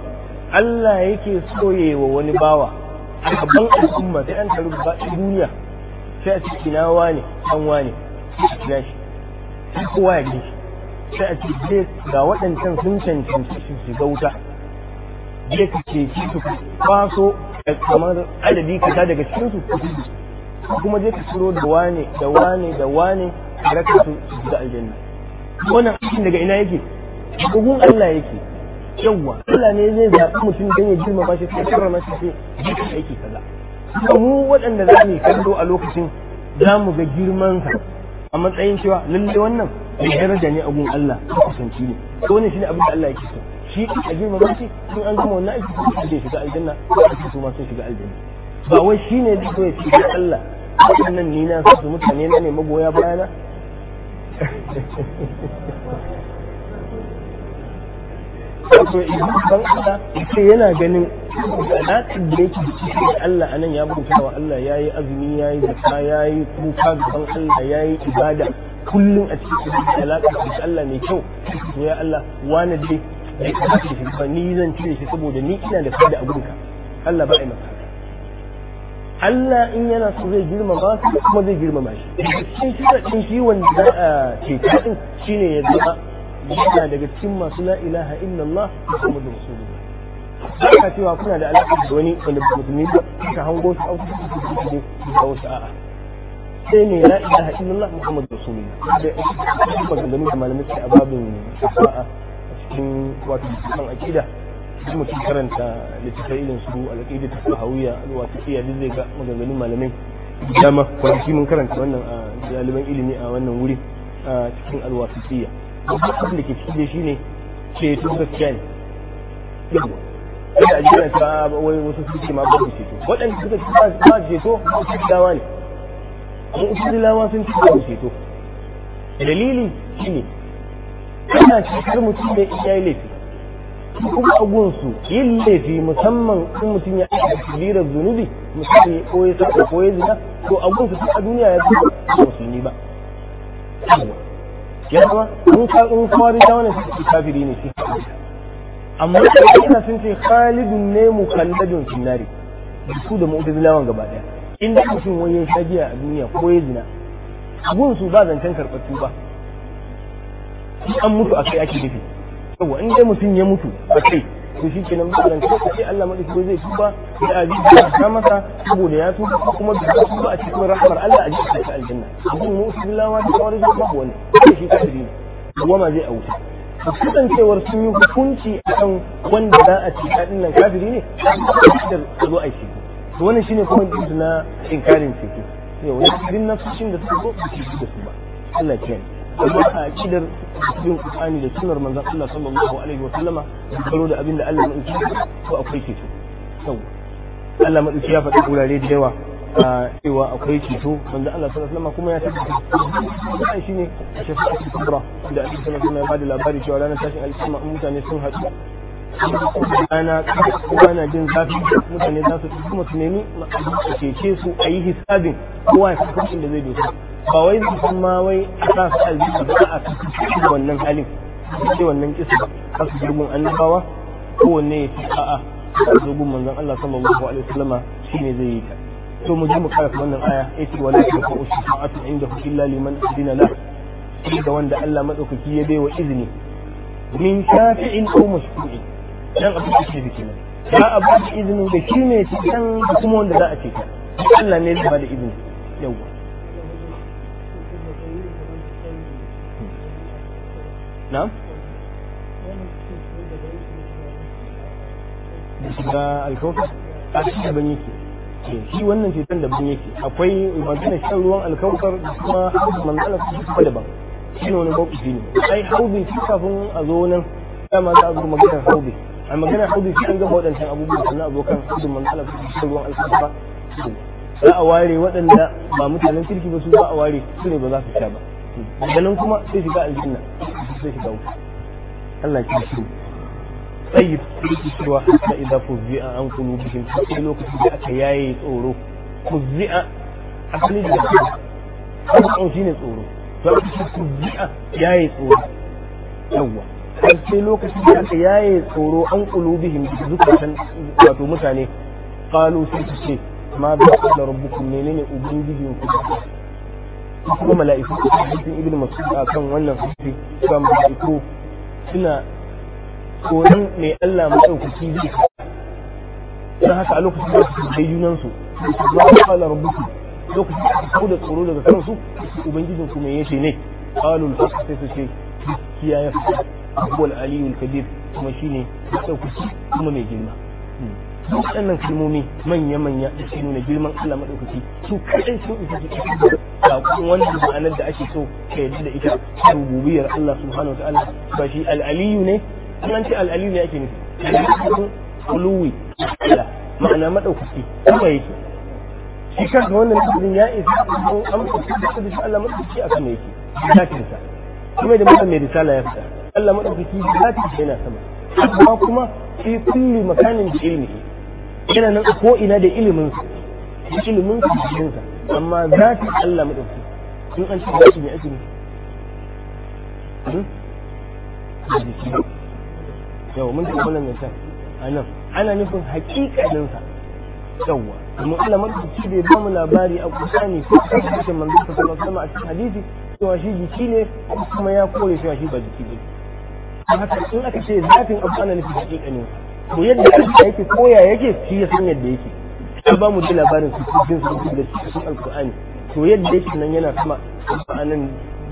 Allah yake wa wani bawa a gaban al'umma sai an taru ba duniya sai a ciki na wane an wane a kira shi sai kowa ya gishi sai a ce ga waɗancan sun cancanci su shiga wuta je ka ceci su kwaso kamar adadi kaza daga cikin su kuma je ka turo da wane da wane da wane a raka su da aljanna wannan aikin daga ina yake gugun Allah yake yawwa Allah ne zai zaɓi mutum don ya girma shi sai karrama shi sai duka aiki kaza kuma mu waɗanda za mu kallo a lokacin za mu ga girman sa a matsayin cewa lalle wannan mai daraja ne a gun Allah a kusanci ne ko wannan shine abin da Allah yake so shi a girma shi in an gama wannan aiki sai shiga aljanna ko a su ma sun shiga aljanna ba wai shi ne da ya ce Allah waɗannan ni na su mutane na ne magoya bayana wato idan ban Allah ce yana ganin alaƙar da yake cikin Allah anan ya bauta wa Allah ya yi azumi ya yi zakka ya yi kuka ban Allah ya yi ibada kullum a cikin alaƙar da Allah mai kyau ya Allah wani dai da ya kamata shi ba ni zan cire shi saboda ni ina da fada a gunka Allah ba a maka Allah in yana so zai girmama su kuma zai girmama shi cikin shiraɗin shi da za a ceta ɗin shi eh, ne ya zama yana daga cikin masu la ilaha illallah muhammadu rasulullah ba ka cewa kuna da alaƙa da wani wanda musulmi ba ka hango su an kusa su da ne su kawo su a'a sai ne la ilaha illallah muhammadu rasulullah da ya kusa maganganu da malamai a babin shafa'a a cikin wato musulman akida duk mutum karanta littattafai irin su alƙidi ta sahawiya alwafiya duk zai ga maganganun malamai dama kwanaki mun karanta wannan a jaliban ilimi a wannan wuri a cikin alwafiya abin da ke cikin shi ne ce to gaskiya ne da ajiyar ta wani wasu suke ma ba su ceto waɗanda suka ci ba su ceto ba su dawa ne kuma an usulilawa sun ci ba su ceto dalili shi ne ana cikin mutum da iya laifin kuma a gunsu yin laifi musamman in mutum ya aika kabirar zunubi musamman ya koyi saka koyi zina to a gunsu a duniya ya zuba ba musulmi ba ya zama in ka in kawari ta wani sai kafiri ne shi amma ina sun ce khalidun ne mukalladun finnari su da mu'tazilawan gaba daya inda mutum wani ya shagiya a duniya ko ya zina a gunsu ba zancen karɓar tuba an mutu a kai ake dafi yawa in dai mutum ya mutu a kai to shi kenan ba ran ko sai Allah madaki zai tuba da da ta masa saboda ya tuba kuma da ya tuba a cikin rahmar Allah a cikin ta aljanna abin mu billahi wa ta'ala da babu wani shi ka kafiri ruwa ma zai auta cewar sun yi hukunci a kan wanda za a ci kadin nan kafiri ne da zo a shi to wannan shine kuma na inkarin ciki yau wani cikin nafsoshin da suka zo ba su ba Allah ya a akidar bin Qur'ani da sunnar manzan Allah sallallahu alaihi wa sallama karo da abin da Allah mai ko akwai ceto yau Allah mai ya faɗi wurare da yawa cewa akwai ceto manzan Allah sallallahu alaihi wa sallama kuma ya tabbata shine a shafa'a kubra da Allah sallallahu alaihi wa sallama ya bada labari cewa ranar tashin alƙiyama mutane sun haɗu ana na jin zafi mutane za su kuma su nemi su cece su a yi hisabin kowa ya hukuncin da zai dosa ba wai zai san ma wai a sa su aljihu ba a cikin wannan halin ce wannan kisa ba su jirgin annabawa kowanne ya fi a'a a zogun manzon Allah sallallahu alaihi wasallama shine zai yi ta to mu ji mu kara wannan aya yace wala taqu shafa'atu indahu illa liman adina la da wanda Allah madaukaki ya bai wa izini min shafi'in aw mashku'in dan abin da ke biki nan za a ba da izinin da shi ne cikin da kuma wanda za a ce Allah ne zai ba da izini yau na'am da alkawar a cikin ban yake eh, shi wannan da ban yake akwai magana shan ruwan alkawar da kuma manzana su kuma daban shi ne wani mawuƙi ne ai haubi shi kafin a zo nan dama za a zo maganar haubi a magana hudu shi an gama waɗancan abubuwa sannan abokan hudun man ala shan ruwan alfafa za a ware waɗanda ba mutanen kirki ba su ba a ware su ne ba za su sha ba daga kuma sai shiga aljanna sai shiga wuta Allah ya shi tsayi kirki cewa hatta idan fuzzi'a an kulubihim sai lokacin da aka yaye tsoro fuzzi'a asali da tsoro shi ne tsoro to aka fuzzi'a yaye tsoro yawwa har sai lokacin da aka yaye tsoro an qulubihim zukatan wato mutane qalu sai su ce ma da qala ne menene ubangijin ku kuma mala'iku sun ibnu mas'ud kan wannan hadisi kuma mala'iku suna tsoron mai Allah madaukaki zai ina haka a lokacin da su bai junan su ma da qala lokacin da su da tsoro daga kansu ubangijin ku mai yace ne qalu al-haqq sai su ce kiyaye abubuwan aliyu kabir kuma shine maɗaukaki kuma mai girma waɗannan kalmomi manya-manya da su nuna girman Allah maɗaukaki su kaɗai sun isa su ƙasar saƙon wannan ma'anar da ake so ka yadda da ita ta rububiyar Allah subhanahu wa ta'ala ba shi al'aliyu ne an ce al'aliyu ne ake nufi al'aliyu uluwi ma'ana maɗaukaki kuma yake shi kanka wannan lafazin ya isa an amsa da Allah maɗaukaki a kan yake zakinsa kuma da mutum mai risala ya fita Allah madaukaki zati da yana sama amma kuma fi kulli makanin da ilmi yana nan ko ina da ilimin sa ilimin sa cikin sa amma zati Allah madaukaki in an ce shi ne ake ne hmm? yau mun tafi wannan yankan a nan ana nufin hakikanin sa yawwa domin Allah madaukaki bai ba mu labari a kusani ko a cikin manzon sallallahu alaihi wasallam a cikin hadisi cewa shi jiki ne kuma ya kore cewa shi ba jiki ne? haka in aka ce zafin abu ana nufi hakika ne to yadda aka yake koya yake shi ya san yadda yake an ba mu da labarin su cikin su da cikin alkur'ani to yadda yake nan yana sama alkur'anin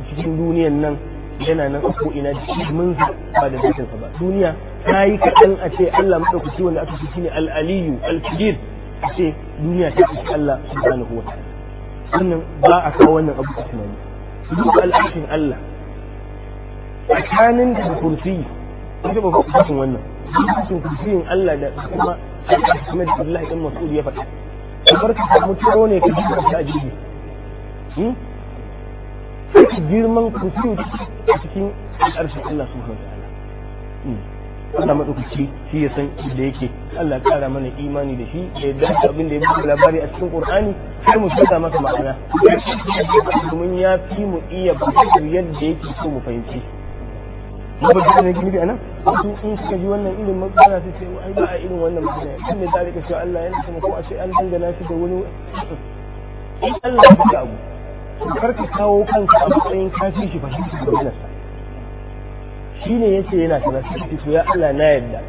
cikin duniyan nan yana nan ko ina mun ba da zafin ba duniya ta yi kaɗan a ce Allah maɗaukaki wanda aka fi ne alaliyu aliyu al-kabir a ce duniya ta fi Allah subhanahu wa ta'ala wannan ba a kawo wannan abu a tunani duk al'ashin Allah tsakanin da kursi kun taɓa kusurcin wannan kusurcin kursiyin Allah da kuma Ahmed Abdullahi ɗan Mas'ud ya faɗa kamar ka samu turo ne ka ji ta a jirgi hmm? sai girman kursiyin a cikin ƙarshen Allah su wa ta'ala hmm. Allah maɗaukaki shi ya san da yake Allah ƙara mana imani da shi da yadda da abin da ya buga labari a cikin Qur'ani sai mu shiga masa ma'ana domin ya fi mu iya bayar yadda yake so mu fahimci mafaka ne gini a nan wasu in suka ji wannan irin magana su ce ai ba a irin wannan magana kan ne zalika cewa Allah yana sama ko a ce an dangana shi da wani in Allah ya ga abu kar ka kawo kanka a matsayin kafin shi fahimci da sa. shi ne yace yana kaza shi ce ya Allah na yadda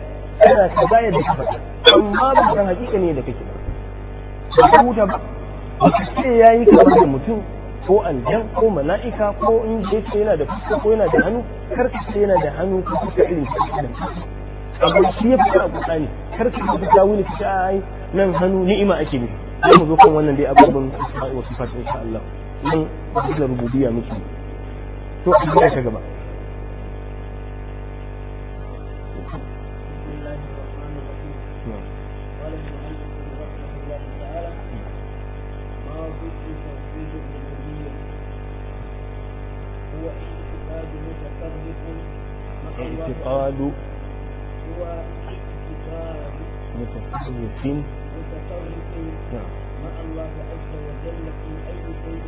kana ka ba yadda ka faɗa amma ba san hakika ne da kake ba ba huta ba ba ce yayi kaza da mutum ko aljan ko mala'ika ko in je ce yana da fuska ko yana da hannu kar ka ce yana da hannu ko fuska irin ta abu shi ya a kuɗa ne kar ka ce ta wuni ta ai nan hannu ni'ima ake ne za mu zo kan wannan dai abubuwan wasu fata insha Allah nan da rububiyya muke to a ta gaba اعتقاد هو اعتقاد متصرف متصرف مع الله عز وجل في اي شيء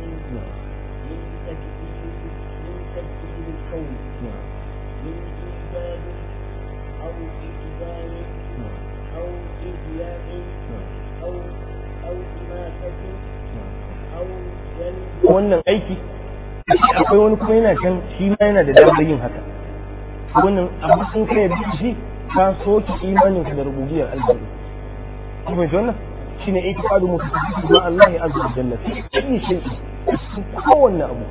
من تكفير من تكفير الكون من ايجاد او اقدام نعم او احياء نعم او او اماتة او جلب wannan aiki akwai wani kuma yana can shi ma yana da damar yin haka wannan amma sun kai da shi ka soke imanin ka da rububiyar aljihu kuma shi wannan shine itiqadu mutasaddid ma Allah azza wa jalla fi kulli shay'in kowanne abu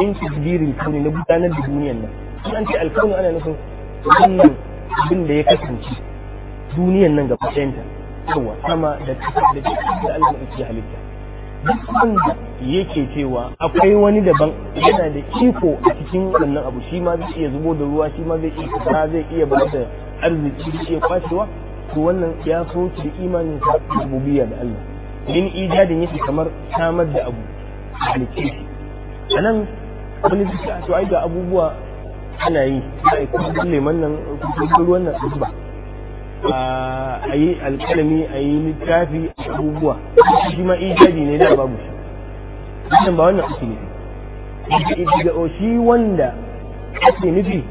min tadbirin kauni na gudanar da duniyar nan in an ce alkauni ana nufin wannan abin da ya kasance duniyar nan gaba ɗayanta yawa sama da kasa da duk da Allah ya halitta duk wanda yake cewa akwai wani daban yana da iko a cikin wannan abu shi ma zai iya zubo da ruwa shi ma zai iya kaza zai iya ba da arziki zai iya kwashewa to wannan ya soke da imanin sa rububiyya da Allah min ijadin yake kamar samar da abu a halitta a nan wani zai to ai ga abubuwa ana yi sai kuma leman nan kuma ruwan nan ba. a yi alkalami a yi littafi abubuwa shi ma ijadi ne da babu shi wannan ba wannan ake nufi shi wanda ake nufi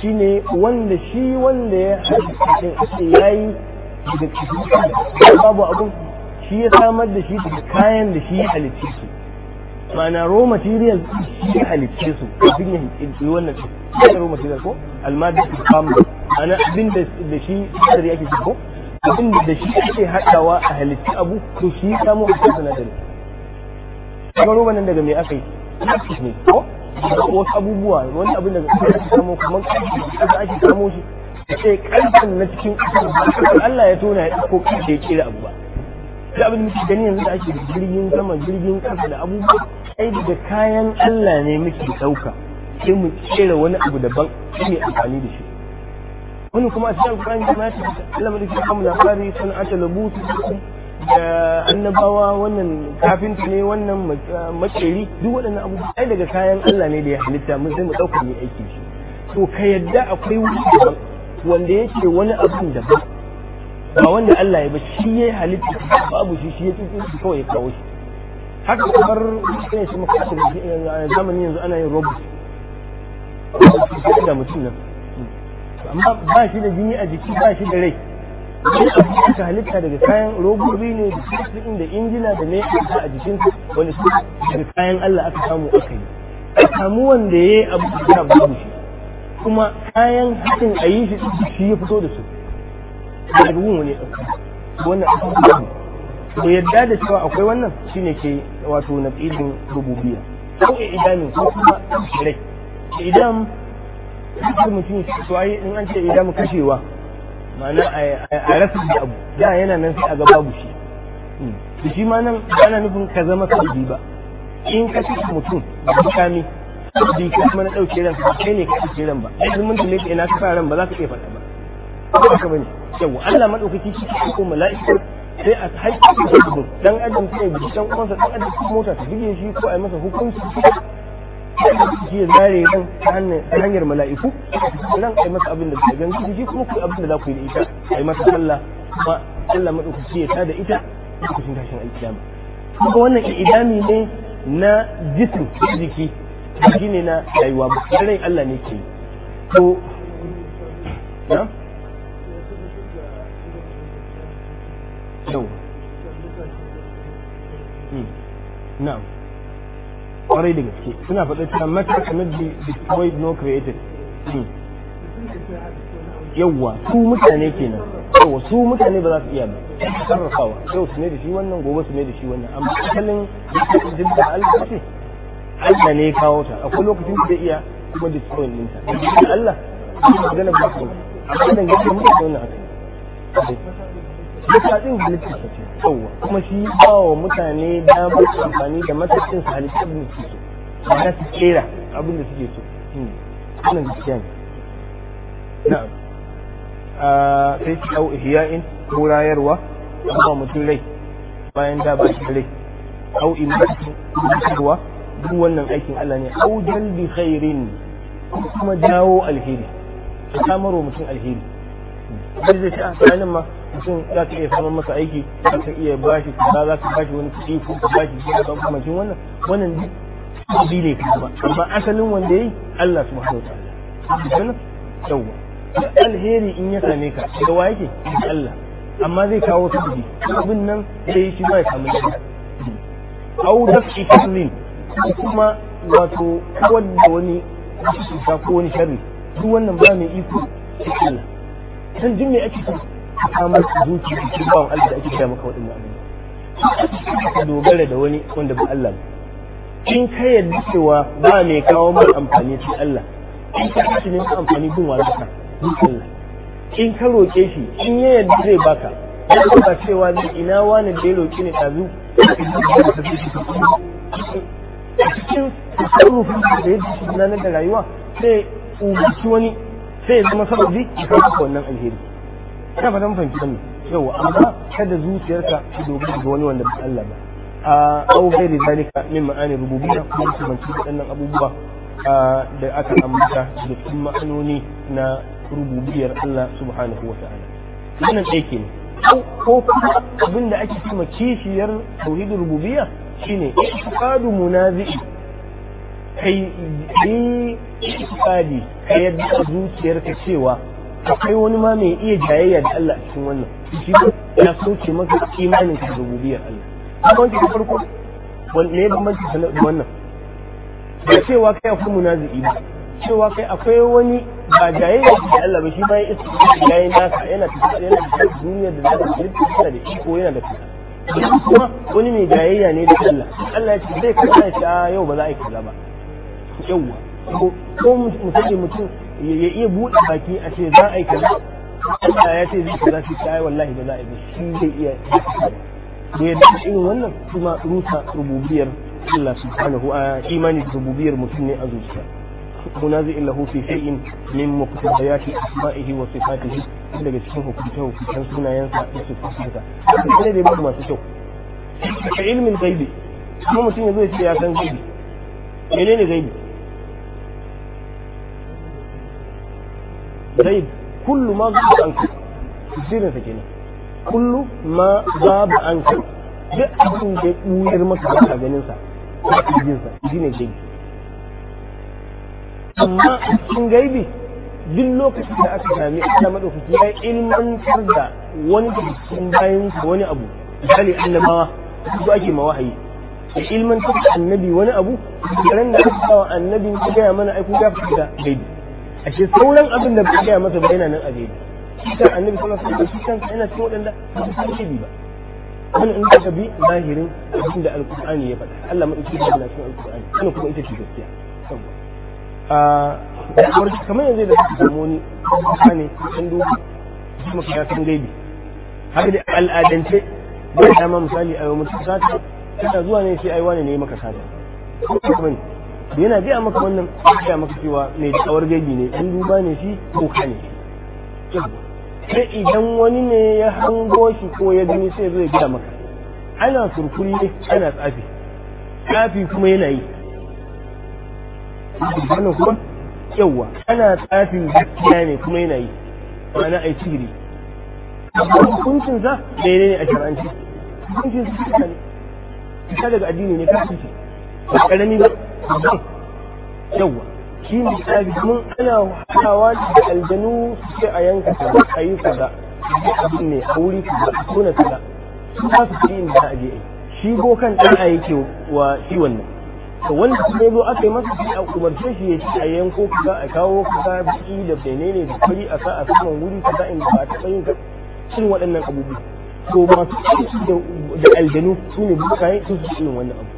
shi ne wanda shi wanda ya haɗin ake yayi daga cikin babu abun shi ya samar da shi daga kayan da shi ya halitta su ma'ana raw material shi halicce su abin ya yi wannan shi raw material ko almadi su kama ana abin da shi sadari ake ko abin da shi ake haɗawa a halicci abu to shi samu a cikin sinadari kamar roba nan daga mai aka yi plastic ne ko wasu abubuwa wani abin da ake samu kamar ƙasa ake samu shi sai ƙarfin na cikin ƙasar Allah ya tona ya ɗauko ƙarfe ya ƙera abu ba da abin da muke gani yanzu da ake da jirgin sama jirgin kasa da abubuwa ai da kayan Allah ne muke ɗauka sai mu kera wani abu daban shi ne amfani da shi wani kuma a cikin alkurani da Allah mai ke kamun labari sun ata labutu da annabawa wannan kafinta ne wannan makeri duk waɗannan abubuwa ai daga kayan Allah ne da ya halitta mun sai mu ɗauka mu aiki shi to ka yadda akwai wani wanda yake wani abin daban ba wanda Allah ya ba shi ya halitta babu shi shi ya shi kawai ya kawo shi haka kamar ne shi muka a zamani yanzu ana yin robot da mutum nan amma ba shi da jini a jiki ba shi da rai wani abu da halitta daga kayan robobi ne da sassaƙin da injina da ne a jikin wani su daga kayan Allah aka samu aka yi samu wanda ya yi abu da babu shi kuma kayan hakan a yi shi shi ya fito da su daga gungu ne wannan abubuwan to yadda da cewa akwai wannan shine ke wato na naqidin rububiyya ko idamin ko kuma shirai idan kasar mutum to ai in an ce idan kashewa ma'ana a rasa da abu da yana nan sai a ga babu shi hmm. to shi ma nan ana nufin ka zama sabbi ba in ka kashe mutum da kami sabbi ko kuma na ɗauke ran kai ne ka dauke ran ba idan mun tune ka ina ka sa ran ba za ka iya faɗa ba ko haka bane yawa Allah madaukaki shi ke ko mala'ika sai a haƙƙi da su dan adam sai bi dan uwansa dan adam ko mota ta bige shi ko ai masa hukunci shi ya zare ran ta hanyar mala'iku nan ai masa abin da gan shi shi kuma ku abin da za ku yi da ita ai masa sallah kuma Allah madaukaki ya tada ita lokacin tashin alkiyama kuma wannan idami ne na jisim jiki jiki ne na rayuwa ba rai Allah ne ke to na yau na'am hmm. kwarai da gaske suna faɗa cewa matter cannot be destroyed no created hmm. yawwa su mutane kenan yawwa su mutane ba za su iya ba sarrafawa yau su ne da shi wannan gobe su ne da shi wannan amma asalin da jin da Allah ce Allah ne kawo ta akwai lokacin da zai iya kuma destroy din ta Allah shi magana ba su amma dan gaskiya mutane wannan haka duka din halitta ce yawa kuma shi ba wa mutane damar amfani da matakin su halitta abin da suke so ba su kera abin da suke so hmm, wannan gaskiya ne na'am ah, sai ki dau ihya'in ko rayarwa amma mutum rai bayan da ba shi rai au imatin ruwa duk wannan aikin Allah ne au jalbi khairin kuma jawo alheri samarwa mutum alheri zai hmm, ta a tsanin ma mutum za ka iya samun masa aiki za ka iya bashi kuɗa za ka bashi wani kuɗi ko ka bashi gida ka kamacin wannan wannan duk bi ne kuma amma asalin wanda yi Allah subhanahu wa ta'ala yawa alheri in ya same ka daga wa yake Allah amma zai kawo sabbi abin nan sai shi ba ya samu lafiya au dafi sharrin kuma wato kawar wani cuta ko wani sharri duk wannan ba mai iko Allah dan jin me ake so ka samar da zuciya da cikin bawan Allah da ake gaya maka waɗannan abin ka dogara da wani wanda ba Allah ba in ka yadda cewa ba mai kawo mai amfani cikin Allah in ka kashi ne amfani bin walaka gun Allah in ka roƙe shi in ya yadda zai baka ya ba cewa zai ina wani da ya roƙe ne ɗazu a cikin sarrufin da ya gudanar da rayuwa sai umarci wani sai ya zama sababi a kan wannan alheri ta fatan fahimci wannan yau amma kada zuciyarka ta dogara ga wani wanda ba Allah ba a au gairi zalika min ma'ani rububiyya kuma su waɗannan abubuwa da aka ambata da kuma ma'anoni na rububiyar Allah subhanahu wa wannan ɗaya ke ne ko kuma abin da ake cima kishiyar tauhidin rububiyya shine iqadu munazi'i kai yi iqadi ka yadda zuciyarka cewa akwai wani ma mai iya jayayya da Allah a cikin wannan shi ba ya soke maka imanin ka rububiyar Allah kuma wanke da farko wanne ya bambanci da wannan da cewa kai akwai munazi'i ba cewa kai akwai wani ba jayayya da Allah ba shi ba ya isa yayin naka yana tafiya yana da duniya da zaka halitta yana da iko yana da kuma wani mai jayayya ne da Allah Allah ya ce zai kasance a ah, yau ba za a yi kaza ba yauwa ko mutum mutum ya iya buɗe baki a ce za a yi kaza Allah ya ce zai kaza shi ta wallahi ba za a yi shi zai iya da yadda irin wannan kuma rusa rububiyar Allah su subhanahu a imani da rububiyar mutum ne a zuciya منازع له في شيء من مقتضيات أسمائه وصفاته daga cikin hukunce-hukuncen sunayensa da sifofinsa haka ne dai babu masu kyau a ilmin gaibi kuma mutum ya zo ya ce ya san gaibi menene gaibi كل kullu ma عنك anka tafsirin كل ما kullu ma ghaba anka duk abin da ya buyar maka ba أما ganin sa ba ka sa amma gaibi lokacin da aka sami Allah madaukaki ya ilmantar da wani da cikin bayan wani abu misali annabawa su ake ma ya ilmantar da annabi wani abu ran da aka sawa annabi ya gaya mana ai ku gafi da gaibi ashe sauran abin da bai gaya masa ba yana nan a bai shi kan annabi sallallahu alaihi wasallam shi kan yana cikin wadanda ba su san shi ba wani in ka bi zahirin abin da alqur'ani ya faɗa Allah mai shi da cikin alqur'ani wannan kuma ita ce gaskiya a ah, kamar kamar yanzu da kake samu wani ne kan dubi kuma ka san gaibi haka da al'adance ba da dama misali a yau mutum sata kana zuwa ne sai ai wani ne maka sata kuma yana gaya maka wannan ya maka cewa mai da'awar gagi ne ɗan duba ne shi ko ka ne sai idan wani ne ya hango shi ko ya gani sai zai gaya maka ana surkuri ne ana tsafi tsafi kuma yana yi wannan kuma yawa ana tsafi gaskiya ne kuma yana yi ma'ana a yi sigiri hukuncin sa daidai ne a shar'anci hukuncin sa ne ka daga addini ne ka ce. ba ƙarami ba yawa shi ne tsari mun ana hawa da aljanu suke a yanka ta ba a yi kaza abin ne a wuri kaza a tona kaza su ba su ce inda za a je a shi bokan ɗan a yake wa shi wannan to wanda kuma zo aka yi masa shi a umarce shi ya ci a yanko kaza a kawo kaza biki da benene da fari a sa a saman wuri kaza inda ba ta yin irin waɗannan abubuwa to masu aiki da aljanu su ne bukaye su su irin wannan abu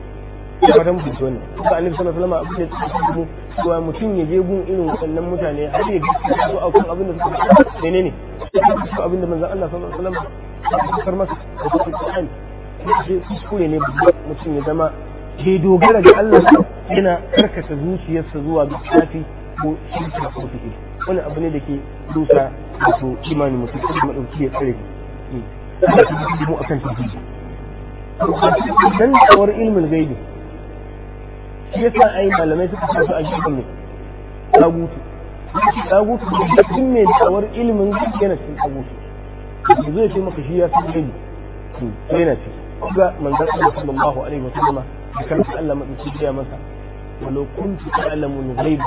ya fata mu fito ne ba annabi sallallahu alaihi wasallam abin da yake mu cewa mutum ya je gun irin wannan mutane har ya ga su akan abin da suka ne ne ne ko abin da manzon Allah sallallahu alaihi wasallam ya karmasa ko da kuma Qur'an shi kuskure ne mutum ya zama ke dogara ga Allah yana karkata zuciyarsa zuwa ga shafi ko shirka ko fiye wani abu ne da ke rusa wato imanin mutum ko kuma dauki ya tsare hmm. ko mu akan tauhidi dan tsawar ilmin gaibi shi yasa ai malamai suka su a ne tagutu da mai dawar ilimin gaske cikin tagutu da zai ce maka shi ya san gani to yana Allah sallallahu alaihi wa sallama da Allah ya masa walau kuntu ta'lamu al-ghaib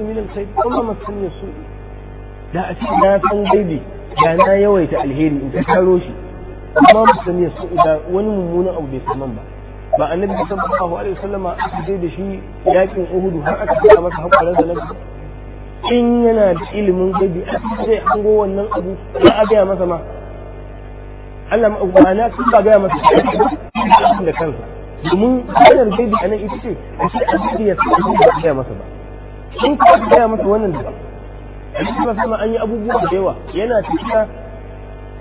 min al kuma su da a cikin na san da na yawaita alheri in ta karo shi amma musulmi su da wani mummunan abu bai saman ba ba annabi sallallahu alaihi wasallam aka je da shi yakin uhudu har aka fara masa hakkaran da nabi in yana da ilimin gabi a sai an go wannan abu ya a gaya masa ma Allah ma'ana sun ba gaya masa da kansa domin kanar gabi a nan ita ce a shi a ya sami da a gaya masa ba in ka gaya masa wannan da ba a cikin sama an yi abubuwa da yawa yana tafiya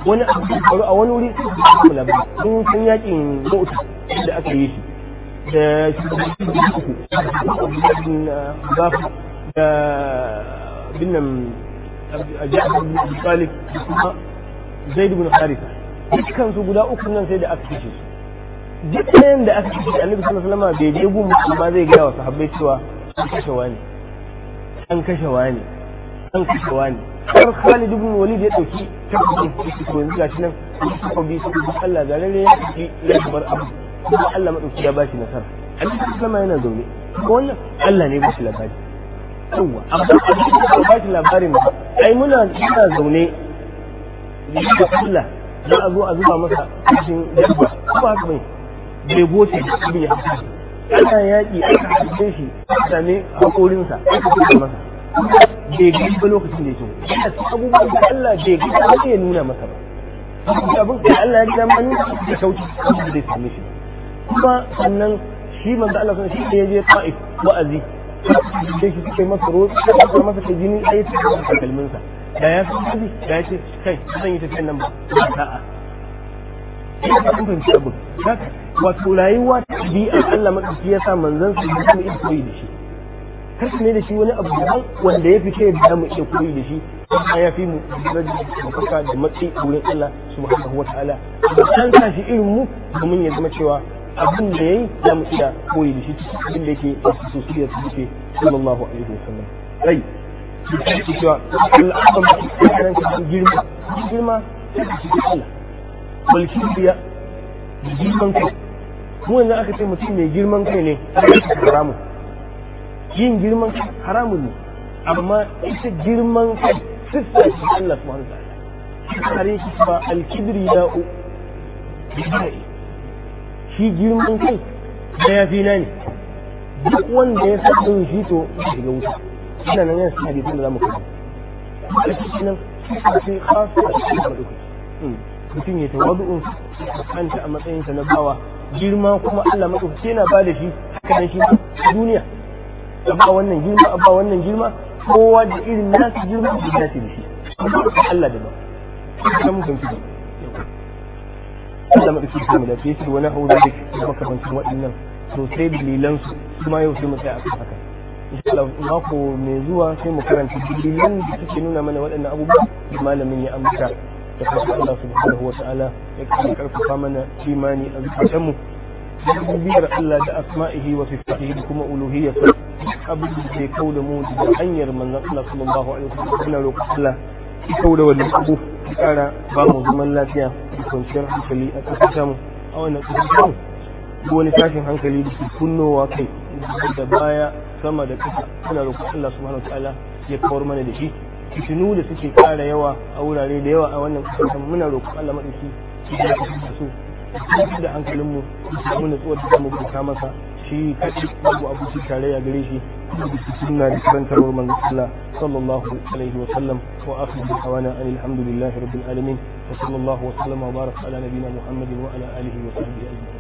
wani abu da a wani wuri su labari sun san yakin mota da aka yi shi da shugabannin da binnan ja'afar da abu talib da kuma zaid bin harisa dukkan su guda uku nan sai da aka kashe su duk ɗayan da aka kashe annabi sallallahu alaihi bai je gun amma zai gaya wa sahabbai cewa an kashe wani an kashe wani an kashe wani har Khalid ibn Walid ya dauki takobi to yanzu gashi nan takobi su da Allah da rare ya tafi ya bar abu kuma Allah madauki ya bashi nasara annabi sallama yana zaune ko wannan Allah ne ba shi labari yawa amma abin da ba shi labarin ba ai muna muna zaune da Allah za a zo a zuba masa cikin dabba ko ba haka bane bai goce da abin ya haɗu ana yaƙi aka haɗe shi same haƙorinsa aka tuka masa bai gani ba lokacin da ya shigo yana cikin abubuwan da Allah bai gani ba ya nuna masa ba abin da Allah ya gida ma nuna da kauci abin da ya same shi kuma sannan shi manzo Allah sun shi da ya je ta'if wa'azi sai shi suka yi masa roƙi suka yi masa kai jini ɗaya ta kama takalminsa da ya san kaji da ya ce kai zan yi tafiyan nan ba ba sa'a ina ka fahimci abin wato rayuwa ta bi'a Allah madauki ya sa manzon su yi kuma iya koyi da shi kar ne da shi wani abu daban wanda ya fita da mu iya koyi da shi amma ya fi mu mafaka da matsi a wurin Allah subhanahu wa ta'ala da san shi irin mu domin ya zama cewa abin da yayi da mu iya koyi da shi abin da yake a sosai ya tsuke sallallahu alaihi wasallam ai shi cewa al'adam da kan girma girma ta cikin Allah balki biya girman kai mu yanzu aka ce mutum mai girman kai ne a cikin haramun yin girman kai haramun ne amma ita girman kai siffa ce Allah subhanahu wa ta'ala kare shi ba alkibri da u shi girman kai da yafi na ne duk wanda ya san shi to ya ga wuta ina nan yana sanar da zamu kuma da shi nan siffa a cikin da Allah hmm. mutum ya tawadu'un kanta a matsayinsa na bawa girma kuma Allah madaukake yana ba da shi haka nan shi duniya a ba wannan girma a ba wannan girma kowa da irin nasu girma da dace da shi Allah da ba kuma mun kanki Allah ma dake mu da ke shi wani hawa da ke makamantan waɗannan to sai dalilan su kuma yau sai mu tsaya a haka insha Allah mako me zuwa sai mu karanta dalilan da suke nuna mana waɗannan abubuwa da malamin ya ambata da fatan Allah subhanahu wa ta'ala ya karfafa mana imani a zuciyarmu biyar Allah da asma'ihi wa sifatihi da kuma uluhiyya abin da ke kau da mu da hanyar manzon Allah sallallahu alaihi wasallam suna roƙon Allah ya kau da wannan abu ya ƙara ba mu zaman lafiya da kwanciyar hankali a ƙasar samu a wannan ƙasar mu duk wani tashin hankali da ke kunnowa kai da baya sama da ƙasa suna roƙon Allah subhanahu wataala ya kawar mana da shi fitinu da suke ƙara yawa a wurare da yawa a wannan ƙasar muna roƙon Allah madauki ya kasance su da da hankalinmu mu samu nutsuwar da zamu bauta masa shi kaɗai babu abuci tarayya gare shi suna da karantarwar manzo Allah sallallahu alaihi wa sallam wa akhiru hawana alhamdulillahi rabbil alamin wa sallallahu wa sallama wa baraka ala nabiyyina muhammadin wa ala alihi wa sahbihi ajma'in